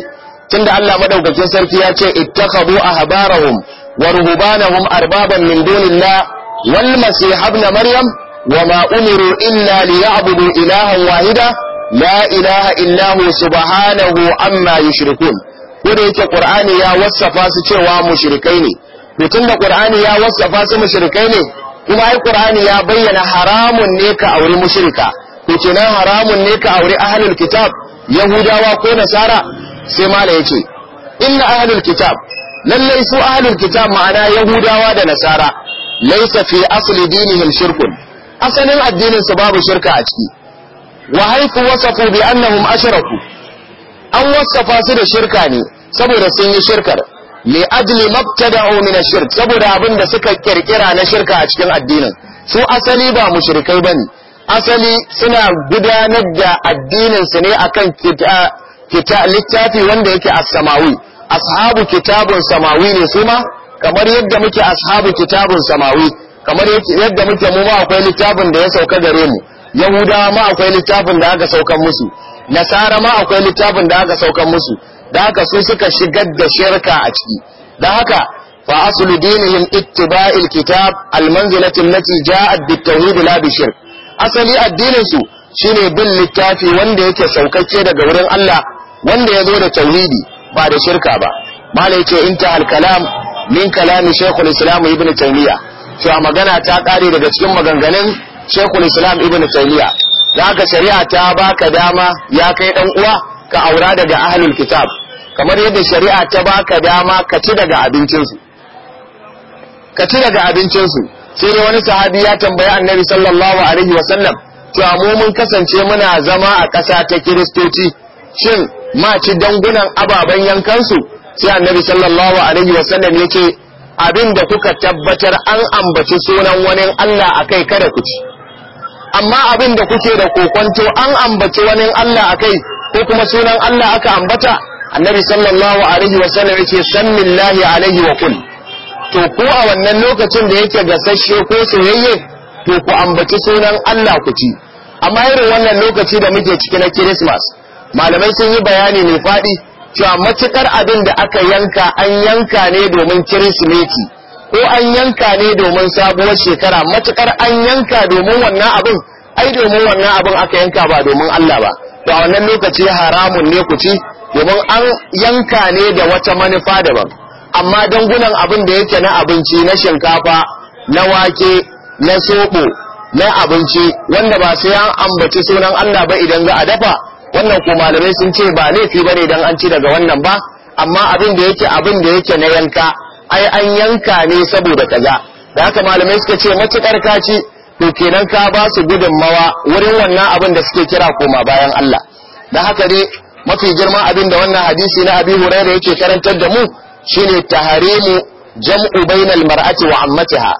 tunda Allah madaukakin sarki ya ce ittakhadhu ahbarahum wa ruhbanahum arbaban min dunillah wal masih ibn maryam wama umiru illa liya'budu ilahan wahida la ilaha illa hu subhanahu amma yushrikun ko yake qur'ani ya wasafa su cewa mushrikai ne to tunda qur'ani ya wassafa su mushrikai ne kuma ai qur'ani ya bayyana haramun ne ka auri mushrika to kenan haramun ne ka auri ahlul kitab yahudawa ko nasara sai mala yace inna ahlul kitab lallai su ahlul kitab ma'ana yahudawa da nasara laysa fi asli dinihim shirkun asalin addinin su babu shirka a ciki wa haifu wasafu bi annahum ashraku an wasafa su da shirka ne saboda sun yi shirkar li ajli mabtada'u min ash-shirk saboda abin da suka kirkira na shirka a cikin addinin su asali ba mushrikai bane asali suna gudanar da addinin su ne akan littafi wanda yake as-samawi ashabu kitabun samawi ne suma kamar yadda muke ashabu kitabun samawi kamar yadda muke mu ma akwai littafin da ya sauka gare mu yahudawa ma akwai littafin da aka saukan musu nasara ma akwai littafin da aka sauka musu da haka su suka shigar da shirka a ciki da haka fa aslu dinihim ittiba'il kitab almanzilati allati ja'at bitawhid la bishirk asali addinin su shine bin littafi wanda yake saukacce daga wurin Allah wanda ya zo da tauhidi ba da shirka ba malai yace inta al kalam min kalami shaykhul islam ibn taymiya cewa magana ta kare daga cikin maganganun shaykhul islam ibn taymiya zaka shari'a ta baka dama ya kai dan uwa ka aura daga ahlul kitab kamar yadda shari'a ta baka dama ka ci daga abincinsu ka ci daga abincinsu sai dai wani sahabi ya tambayi annabi sallallahu alaihi wasallam cewa mu mun kasance muna zama a ƙasa ta kiristoci shin ma ci dangunan ababen yankansu sai annabi sallallahu alaihi wasallam ya ce kuka tabbatar an ambaci sunan wani Allah a kai kada ku ci amma abinda kuke da kokonto an ambaci wani Allah akai ko kuma sunan Allah aka ambata annabi sallallahu alaihi wasallam ya ce alaihi wa kul to ko a wannan lokacin da yake gasasshe ko soyayye to ku ambaci sunan Allah ku ci amma irin wannan lokaci da muke ciki na Christmas malamai sun yi bayani mai faɗi cewa matukar abin da aka yanka an yanka ne domin kirsimeti ko an yanka ne domin sabuwar shekara matukar an yanka domin wannan abin ai domin wannan abin aka yanka ba domin Allah ba to a wannan lokaci haramun ne ku ci domin an yanka ne da wata manufa daban amma dangunan abin da yake na abinci na shinkafa na wake na soɓo na abinci wanda ba sai an ambaci sunan Allah ba idan za a dafa wannan ko malamai sun ce ba laifi ne dan an ci daga wannan ba amma abin da yake abin da yake na yanka ai an yanka ne saboda kaza da haka malamai suka ce matukar ka ci to kenan ka ba su gudunmawa wurin wannan abin da suke kira koma bayan Allah da haka dai mafi girma abin da wannan hadisi na Abi Hurairah yake karantar da mu shine taharimu jam'u bainal mar'ati wa ammatiha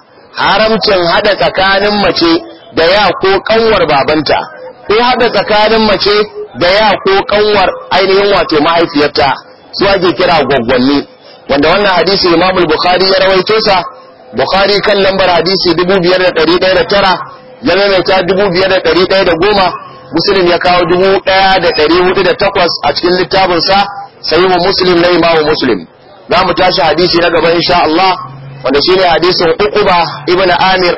haramcin hada tsakanin mace da ya ko kanwar babanta ko hada tsakanin mace da ya ko kanwar ainihin wato mahaifiyarta su ake kira gwaggwanni wanda wannan hadisi Imam Bukhari ya rawaito sa Bukhari kan lambar hadisi 5109 ya rawaita 5110 Muslim ya kawo 1408 a cikin littafin sa mu Muslim na Imam Muslim za mu tashi hadisi na gaba insha Allah wanda shine hadisin Uqba ibn Amir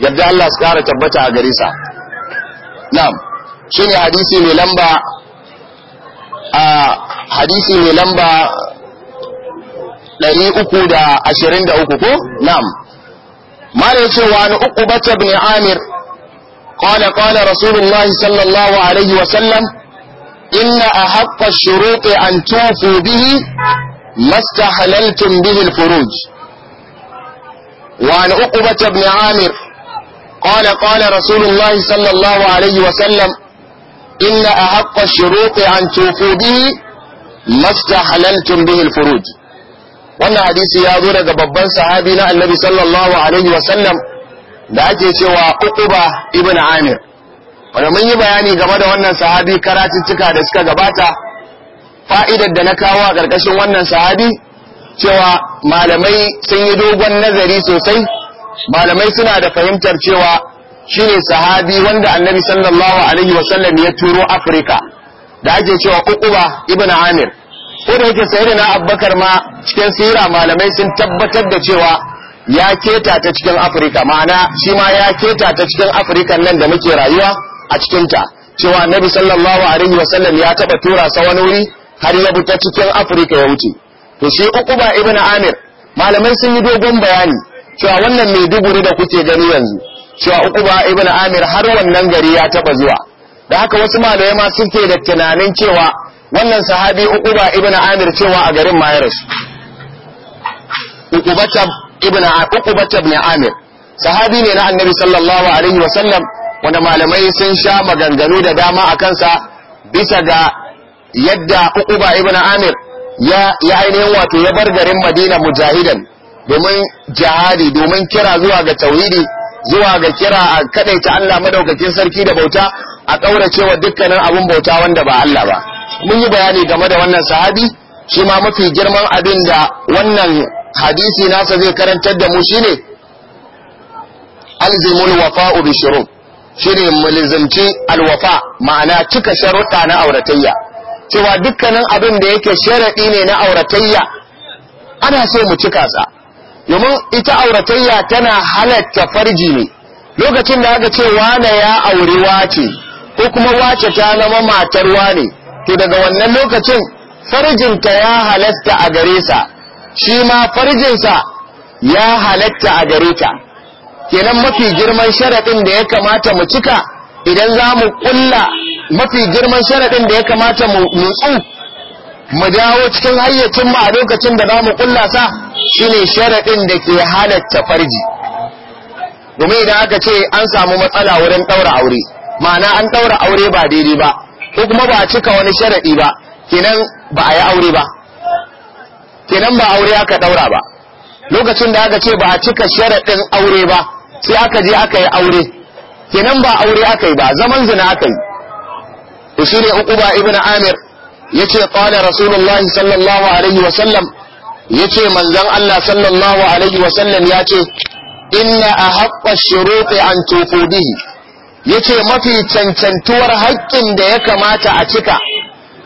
yadda Allah ya kara tabbata a gare sa na'am shine hadisi mai lamba a hadisi mai lamba 323 ko na'am mare cewa ni uku bata bin amir قال قال رسول الله صلى الله عليه وسلم إن أحق الشروط أن توفوا به ما استحللتم به الفروج وعن عقبة بن عامر قال قال رسول الله صلى الله عليه وسلم إن أحق الشروط أن توفوا به ما استحللتم به الفروج wannan hadisi ya zo daga babban sahabi na annabi sallallahu alaihi wasallam da ake cewa uquba ibn amir wanda mun yi bayani game da wannan sahabi karatuttuka da suka gabata fa'idar da na kawo a ƙarƙashin wannan sahabi cewa malamai sun yi dogon nazari sosai malamai suna da fahimtar cewa shine sahabi wanda annabi sallallahu alaihi wa sallam ya turo afirka da ake cewa uquba ibn amir ko da yake sayyidina abubakar ma cikin sira malamai sun tabbatar da cewa ya keta ta cikin afirka ma'ana shi ma ya keta ta cikin afirka nan da muke rayuwa a cikin ta cewa annabi sallallahu alaihi wa sallam ya taba tura sa wani wuri har ya bi ta cikin afirka ya wuce to shi uquba ibn amir malamai sun yi dogon bayani cewa wannan mai duguri da kuke gani yanzu cewa ba ibn Amir har wannan gari ya taba zuwa da haka wasu malamai ma suke da tunanin cewa wannan sahabi ba ibn Amir cewa a garin ma ya rasu Uqba ibn Amir sahabi ne na Annabi sallallahu alaihi wa sallam wanda malamai sun sha maganganu da dama a kansa bisa ga yadda ba ibn Amir ya ya ainihin wato ya bar garin Madina mujahidan domin jihadi domin kira zuwa ga tauhidi zuwa ga kira a kadaita Allah madaukakin sarki da bauta a cewa dukkanin abin bauta wanda ba Allah ba mun yi bayani game da wannan sahabi shi ma mafi girman abin da wannan hadisi nasa zai karantar da mu shine alzimul wafa'u bi shurut shine mulzimci alwafa ma'ana cika sharuɗa na auratayya cewa dukkanin abin da yake sharaɗi ne na auratayya ana so mu cika sa domin ita auratayya tana halatta farji ne lokacin da aka ce wane ya aure wace ko kuma wace ta zama matar wane to daga wannan lokacin farjinta ya halatta a gare sa shi ma farjinsa ya halatta a gare ta kenan mafi girman sharaɗin da ya kamata mu cika idan za mu ƙulla mafi girman sharaɗin da ya kamata mu nutsu mu dawo cikin hayyacin mu a lokacin da zamu kulla sa shine sharadin da ke halatta farji domin idan aka ce an samu matsala wurin daura aure ma'ana an daura aure ba daidai ba ko kuma ba a cika wani sharadi ba kenan ba a yi aure ba kenan ba aure aka daura ba lokacin da aka ce ba a cika sharadin aure ba sai aka je aka yi aure kenan ba aure aka yi ba zaman zina aka yi to shine uquba ibn amir yace qala rasulullahi sallallahu alaihi wa sallam yace manzon Allah sallallahu alaihi wa sallam yace inna ahaqqa shuruti an tuqudihi yace mafi cancantuwar haƙƙin da ya kamata a cika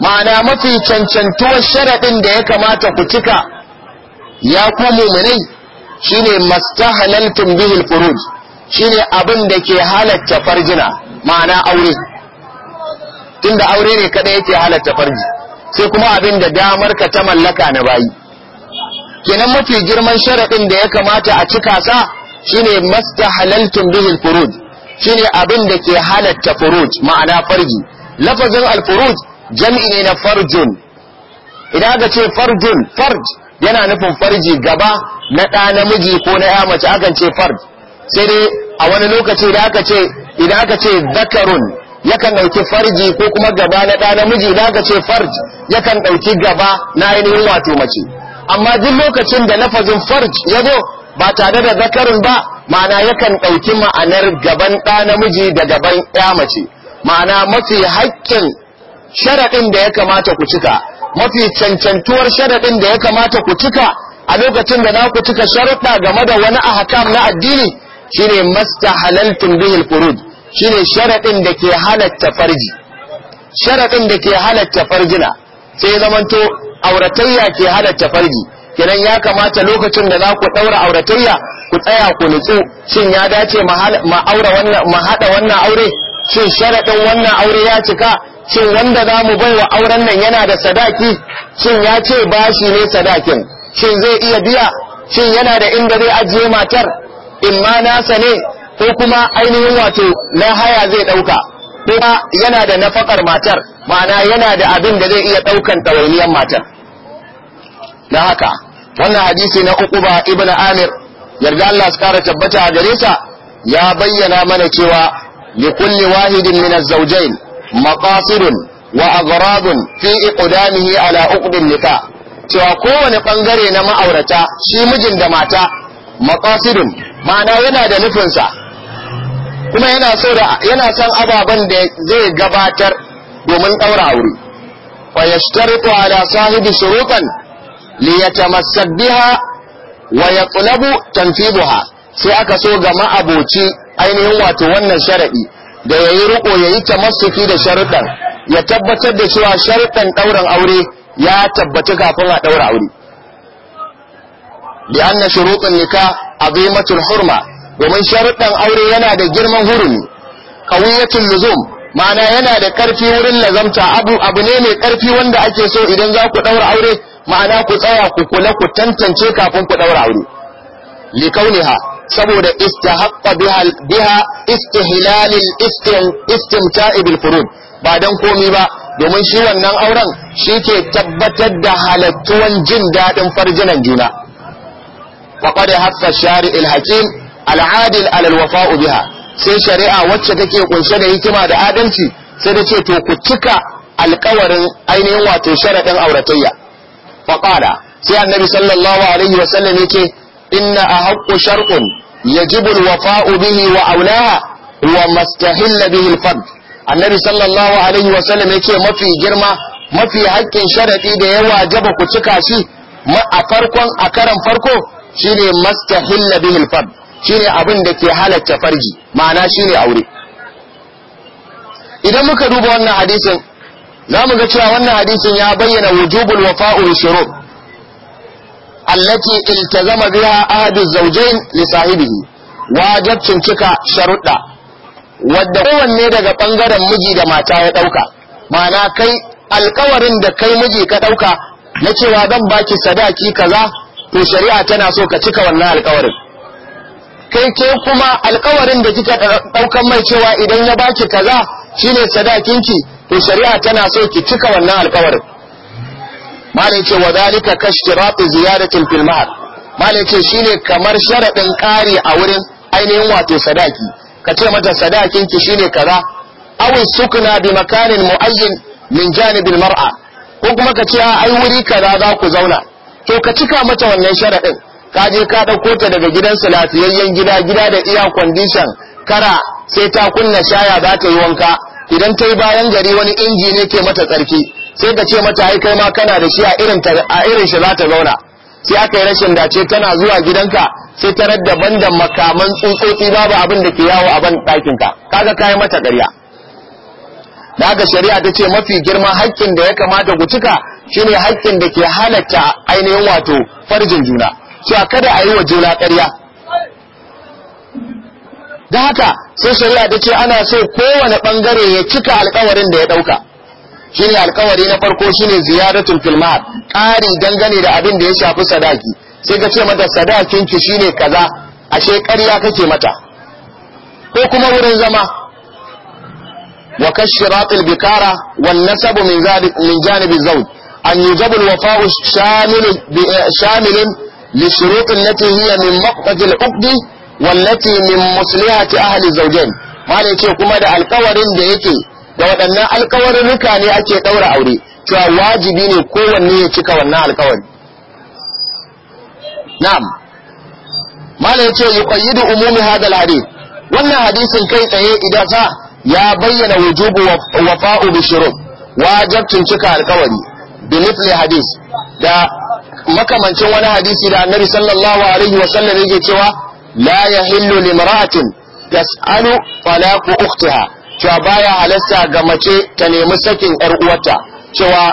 ma'ana mafi cancantuwar sharaɗin da ya kamata ku cika ya ku muminai shine mastahalaltum bihil furuj shine abin da ke halatta farjina ma'ana aure tunda aure ne kada yake halatta farji sai kuma abin da damar ka ta mallaka na bayi kenan mafi girman sharaɗin da ya kamata a cika sa shine masta halaltun bihil furuj shine abin da ke halatta furuj ma'ana farji lafazin alfuruj jam'i ne na farjun idan aka ce farjun farj yana nufin farji gaba na ɗa namiji ko na ya mace akan ce farj sai dai a wani lokaci idan aka ce idan aka ce zakarun yakan ɗauki farji ko kuma gaba na ɗa namiji da ga ce farj yakan ɗauki gaba na ainihin wato mace amma duk lokacin da lafazin farj ya zo ba tare da zakarin ba ma'ana yakan ɗauki ma'anar gaban ɗa namiji da gaban ya mace ma'ana mafi haƙƙin sharaɗin da ya kamata ku cika mafi cancantuwar sharaɗin da ya kamata ku cika a lokacin da na ku cika sharuɗa game da wani ahkam na addini shine mastahalaltum bihil furud shine sharaɗin da ke halatta farji sharaɗin da ke halatta farjina sai zamanto auratayya ke halatta farji kenan ya kamata lokacin da za ku ɗaura auratayya ku tsaya ku nutsu shin ya dace ma wannan haɗa wannan aure shin sharaɗin wannan aure ya cika shin wanda za mu bai wa auren nan yana da sadaki shin ya ce bashi ne sadakin shin zai iya biya shin yana da inda zai ajiye matar in ma nasa ne ko kuma ainihin wato na haya zai ɗauka ko kuma yana da nafakar matar ma'ana yana da abin da zai iya ɗaukan ɗawainiyar matar na haka wannan hadisi na uku ibn amir yarda Allah su kara tabbata a gare sa ya bayyana mana cewa li kulli wahidin min az-zawjayn maqasidun wa agradun fi iqdamihi ala uqdin nikah cewa kowane bangare na ma'aurata shi mijin da mata maqasidun ma'ana yana da nufinsa kuma yana so da yana son ababen da zai gabatar domin ɗaura aure wa yashtaritu ala sahibi shurutan li biha wa yatlabu tanfidha sai aka so ga ma'aboci ainihin wato wannan sharadi da yayi riko yayi tamassuki da sharudan ya tabbatar da cewa sharuɗan ɗaurin aure ya tabbaci kafin a ɗaura aure bi anna shurutan nikah azimatul hurma domin sharuɗan aure yana da girman hurumi kawiyatul luzum ma'ana yana da ƙarfi wurin lazamta abu abu ne mai ƙarfi wanda ake so idan za ku ɗaura aure ma'ana ku tsaya ku kula ku tantance kafin ku ɗaura aure likauniha saboda istahaqqa biha biha istim istimta'i bil furud ba dan komai ba domin shi wannan auren shi ke tabbatar da halattuwan jin daɗin farjinan juna faqad hasa shari'il Hakim. al'adil alal wafa'u biha sai shari'a wacce take kunshe da hikima da adalci sai da ce to ku cika alkawarin ainihin wato sharaɗin auratayya faqala sai annabi sallallahu alaihi wa sallam yake inna ahaqqu shar'un yajibu alwafa'u bihi wa aulaha wa mastahilla bihi alfard annabi sallallahu alaihi wa sallam yace mafi girma mafi haƙƙin sharaɗi da ya wajaba ku cika shi a farkon a karan farko shine mastahilla bihi alfard shine abin da ke halatta farji ma'ana shine aure idan muka duba wannan hadisin za mu ga cewa wannan hadisin ya bayyana wujubul wa shurub allati iltazama biha ahadu zawjain li sahibihi wajibcin cika sharuɗa wadda kowanne daga bangaren miji da mata ya dauka ma'ana kai alkawarin da kai miji ka dauka na cewa zan baki sadaki kaza to shari'a tana so ka cika wannan alkawarin kai ke kuma alkawarin da kika daukan mai cewa idan ya baki kaza shine sadakinki to shari'a tana so ki cika wannan alkawarin malai ce wa zalika kashtiratu ziyadatin fil mahar malai ce shine kamar sharadin kari a wurin ainihin wato sadaki ka ce mata sadakinki shine kaza aw sukuna bi makanin muayyin min janibil mar'a ko kuma ka ce ai wuri kaza za ku zauna to ka cika mata wannan sharadin ka je ka ɗauko ta daga gidan su lafiyayyen gida gida da iya kwandishan kara sai ta kunna shaya za ta yi wanka idan ta yi bayan gari wani inji ne ke mata tsarki sai ka ce mata ai kai ma kana da shi a irin a irin shi za ta zauna sai aka yi rashin dace tana zuwa gidanka sai ta radda bandan makaman tsutsotsi babu abin da ke yawo a ban ka kaga kayan mata ƙarya da haka shari'a ta ce mafi girma haƙƙin da ya kamata ku cika shine haƙƙin da ke halatta ainihin wato farjin juna cewa kada a yi wa juna ƙarya da haka sai shari'a ta ce ana so kowane ɓangare ya cika alkawarin da ya ɗauka shine alkawari na farko ne ziyaratul filmar ƙari dangane da abin da ya shafi sadaki sai ka ce mata sadakinki shine kaza ashe ƙarya kake mata ko kuma wurin zama wa kashiratul bikara wan nasabu min zalik min janibi zawj an yujabu alwafa'u shamilun eh, للشروط التي هي من مقصد العقد والتي من مصلحة أهل الزوجين ما يتي كما ده القوارين ده يتي da waɗannan alkawarin ruka ne ake ɗaura aure cewa wajibi ne kowanne ya cika wannan alkawari na'am malam yace yuqayyidu umumi hadal hadith wannan hadisin kai tsaye idan sa ya bayyana wujubu wafa'u bi shurut wajibcin cika alkawari bi mithli hadis da makamancin wani hadisi da annabi sallallahu alaihi wa sallam yake cewa la yahillu limra'atin tas'alu talaqu ukhtiha cewa baya halasta ga mace ta nemi sakin yar uwarta cewa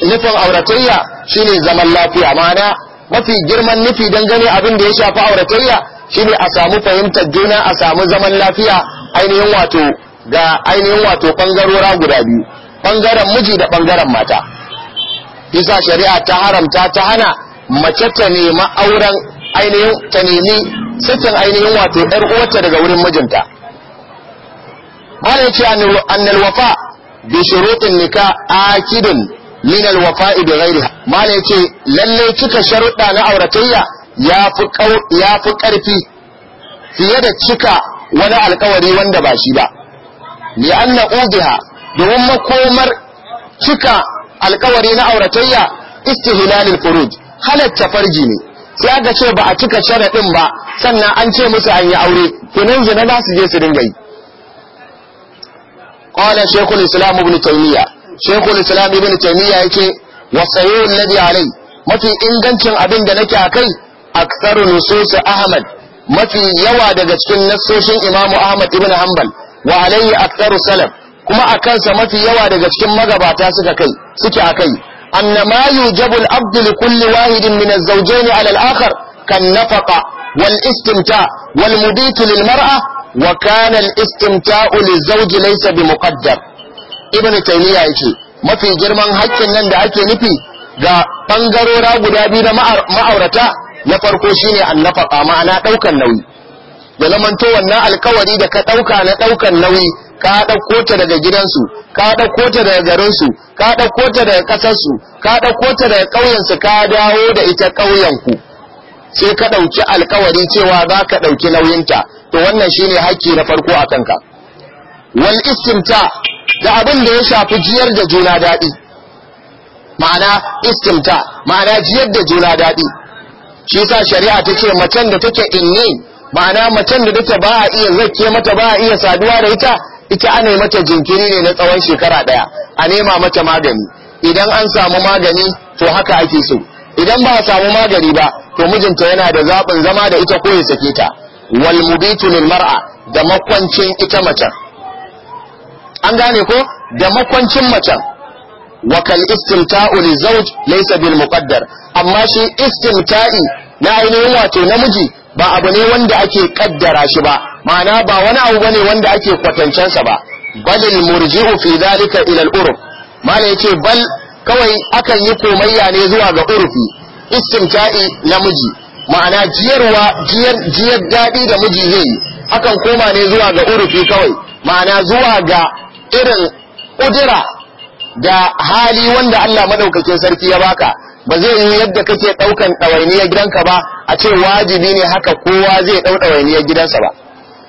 nufin auratayya shine zaman lafiya ma'ana mafi girman nufi dangane abin da ya shafi auratayya shine a samu fahimtar juna a samu zaman lafiya ainihin wato ga ainihin wato bangarora guda biyu bangaren miji da bangaren mata bisa shari'a ta haramta ta hana mace ta nemi auren ainihin ta nemi sakin ainihin wato yar uwarta daga wurin mijinta ana ce annal wafa bi shurutin nika akidun min al wafa'i bi ghairiha mana yace lalle kika sharuɗa na auratayya ya fi karfi fiye da cika wani alkawari wanda ba shi ba li anna ubiha domin makomar cika alkawari na auratayya istihlalil furuj halatta farji ne sai aka ce ba a cika ɗin ba sannan an ce musu an yi aure kunan zina za su je su dinga yi qala shaykhul islam ibn taymiya shaykhul islam ibn taymiya yake wa sayyid alladhi alai mafi ingancin abin da nake akai aktsaru nusus ahmad mafi yawa daga cikin nassoshin imamu ahmad ibn hanbal wa alayhi aktsaru salaf kuma a kansa mafi yawa daga cikin magabata suka kai suke a kai annama yujabu al-abd li kulli wahidin min az-zawjayn 'ala al-akhar kan nafaqa wal istimta wal mudit lil mar'a wa kana al-istimta'u liz-zawji laysa bi muqaddar ibn taymiya yace mafi girman haƙƙin nan da ake nufi ga bangarora guda biyu na ma'aurata na farko shine annafaqa ma'ana daukan nauyi da zamanto wannan alkawari da ka dauka na daukan nauyi ka ɗauko ta daga gidansu ka ɗauko ta daga garinsu ka ɗauko ta daga ƙasarsu ka ɗauko ta daga ƙauyensu ka dawo da ita ƙauyenku sai ka ɗauki alkawari cewa za ka ɗauki nauyinta to wannan shine hakki na farko a kanka wal istimta da abin da ya shafi jiyar da juna daɗi ma'ana istimta ma'ana jiyar da juna daɗi shi sa shari'a ta ce macen da take inni ma'ana macen da take ba a iya zakke mata ba a iya saduwa da ita ita ana mata jinkiri ne na tsawon shekara ɗaya a nema mata magani idan an samu magani to haka ake so idan ba a samu magani ba to mijinta yana da zaɓin zama da ita ko ya sake ta wal mubitu lil mar'a da makwancin ita mace an gane ko da makwancin macen wa kal istimta'u li zawj laysa bil muqaddar amma shi istimta'i na ainihin wato namiji ba abu ne wanda ake kaddara shi ba ma'ana ba wani abu bane wanda ake kwatancensa ba balil murji'u fi dhalika ila al-urf mala yace bal kawai akan yi komayya ne zuwa ga urfi istimta'i namiji ma'ana jiyarwa jiyar jiyar dadi da miji zai yi akan koma ne zuwa ga urfi kawai ma'ana zuwa ga irin kudura da hali wanda Allah madaukakin sarki ya baka ba zai yi yadda kake daukan ɗawainiyar gidanka ba a ce wajibi ne haka kowa zai ɗau ɗawainiyar gidansa ba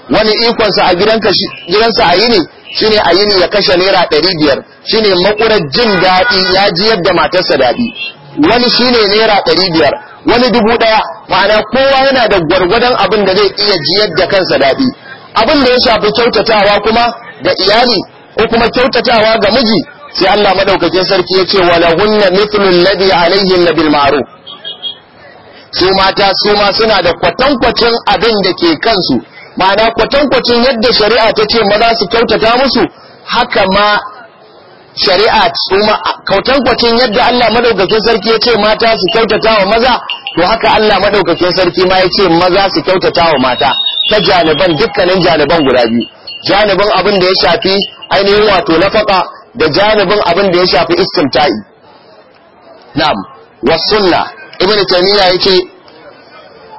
wani ikonsa a gidansa a yi yini shine a yi ne ya kashe naira ɗari biyar shine makurar jin daɗi ya ji yadda matarsa daɗi wani shine naira ɗari biyar wani dubu ɗaya ma'ana kowa yana da gwargwadon abin da zai iya ji yadda kansa daɗi abin da ya shafi kyautatawa kuma ga iyali ko kuma kyautatawa ga miji sai Allah madaukakin sarki ya ce wala hunna mithlu alladhi alaihim bil ma'ruf su mata su ma suna da kwatankwacin abin da ke kansu ma'ana kwatankwacin yadda shari'a ta ce maza su kyautata musu haka ma shari'a tsoma kwatankwacin yadda Allah madaukakin sarki ya ce mata su kyautata wa maza to haka Allah madaukakin sarki ma ya ce maza su kyautata wa mata ta janiban dukkanin janiban guda biyu janibin abin da ya shafi ainihin wato nafaka da janibin abin da ya shafi istimta'i na'am wasunna ibnu taymiya yake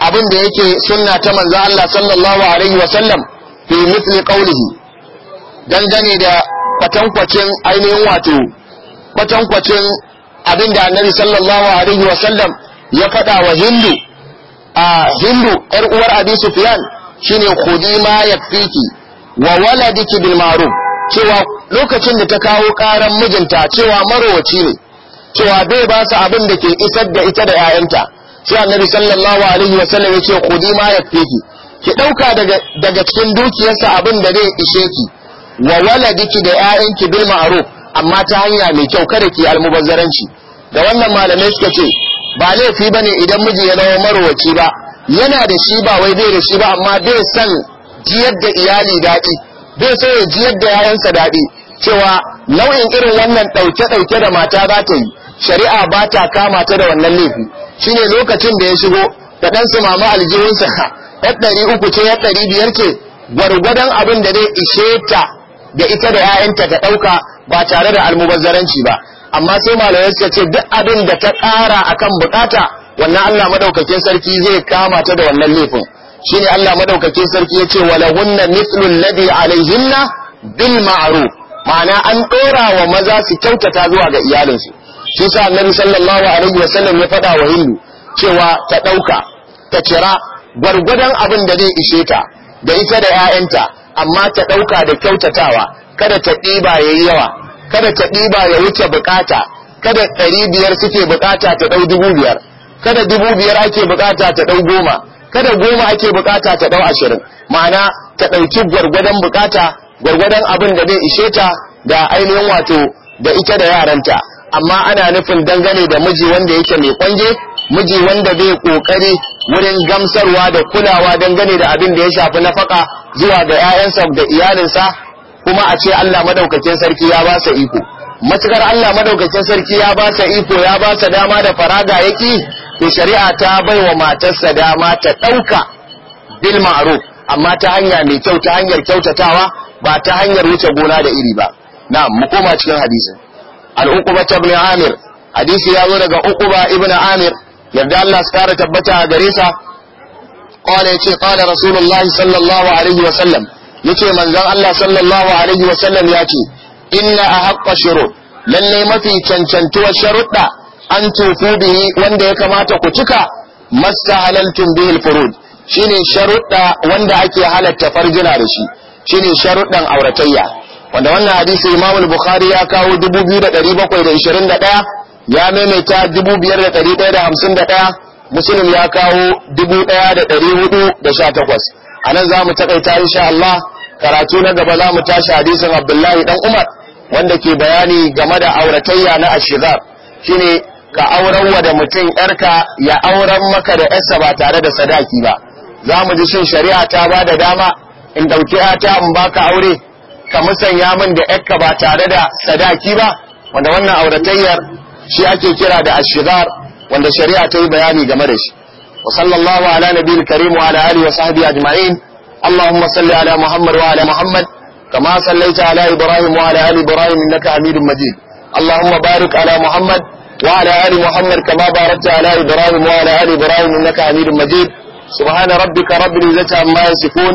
abin da yake sunna ta manzo Allah sallallahu alaihi wa sallam fi mithli qawlihi dangane da kwatankwacin ainihin wato kwatankwacin abin da annabi sallallahu alaihi wa sallam ya faɗa wa hindu a hindu yar uwar abi sufyan shine khudi ma yakfiki wa waladiki bil ma'ruf cewa lokacin da ta kawo karan mijinta cewa marowaci ne cewa bai ba su abin da ke isar da ita da 'ya'yanta sai annabi sallallahu alaihi wa sallam yace khudi ma yafiki ki dauka daga daga cikin dukiyarsa abin da zai ishe ki wa waladiki da ƴaƴanki bil ma'ruf amma ta hanya mai kyau kada ki almubazzaranci da wannan malamai suka ce ba laifi bane idan miji ya zama marwaci ba yana da shi ba wai bai da shi ba amma bai san jiyar da iyali daɗi bai so ya jiyar da yayansa daɗi cewa nau'in irin wannan ɗauke-ɗauke da mata za ta yi shari'a ba ta kama ta da wannan laifi shine lokacin da ya shigo da dan su mama aljihunsa yar ɗari uku ce ya ɗari biyar ce gwargwadon abin da zai ishe ta da ita da 'ya'yanta ta ɗauka ba tare da almubazzaranci ba amma sai malamai ta ce duk abin da ta ƙara akan bukata wannan Allah madaukakin sarki zai kama ta da wannan laifin shine Allah madaukakin sarki ya ce walahunna mithlu alladhi alaihinna bil ma'ruf ma'ana an ɗora wa maza su kyautata zuwa ga iyalinsu shi sa annabi sallallahu alaihi wa sallam ya faɗa wa hindu cewa ta ɗauka ta kira gwargwadon abin da zai ishe ta da ita da 'ya'yanta amma ta ɗauka da kyautatawa kada ta ɗiba yayi yawa kada ta diba ya wuce bukata kada ɗari biyar suke bukata ta ɗau dubu biyar kada dubu biyar ake bukata ta ɗau goma kada goma ake bukata ta ɗau ashirin ma'ana ta ɗauki gwargwadon bukata gwargwadon abin da zai ishe ta da ainihin wato da ita da yaranta amma ana nufin dangane da miji wanda yake mai kwange miji wanda bai kokari wurin gamsarwa da kulawa dangane da abin da ya shafi nafaka zuwa ga 'ya'yansa da iyalinsa kuma a ce Allah madaukakin sarki ya ba sa iko matukar Allah madaukakin sarki ya ba sa iko ya ba sa dama da faraga yake to shari'a ta bai wa matarsa dama ta ɗauka bil ma'ruf amma ta hanya mai kyau ta hanyar kyautatawa ba ta hanyar wuce gona da iri ba na mu koma cikin hadisin an uquba amir hadisi ya zo daga Ukuba ibn amir yarda Allah su kara tabbata a gare sa qala yace qala rasulullahi sallallahu alaihi wa sallam ce manzon Allah sallallahu alaihi wa sallam yace inna ahaqqa shiru lalle mafi cancantuwar sharuɗa an tufu bihi wanda ya kamata ku cika masta halaltun bihil furud shine sharuɗa wanda ake halatta farjina da shi shine sharuɗan auratayya wanda wannan hadisi Imam Bukhari ya kawo 2721 ya maimaita 5151 Muslim ya kawo 1418 anan zamu takaita insha Allah karatu na gaba zamu tashi hadisin Abdullahi dan Umar wanda ke bayani game da auratayya na ashizar shine ka auren wa da mutum yarka ya auren maka da yarsa ba tare da sadaki ba za mu ji shin shari'a ta ba da dama in ɗauki ta in baka aure ka musanya min da yakka ba tare da sadaki ba wanda wannan auratayyar shi ake kira da ashigar wanda shari'a ta yi bayani game da shi wa sallallahu ala nabiyil karim wa ala alihi wa sahbihi ajma'in allahumma salli ala muhammad wa ala muhammad kama sallaita ala ibrahim wa ala ali ibrahim innaka hamidum majid allahumma barik ala muhammad wa ala ali muhammad kama barakta ala ibrahim wa ala ali ibrahim innaka hamidum majid subhana rabbika rabbil izzati amma yasifun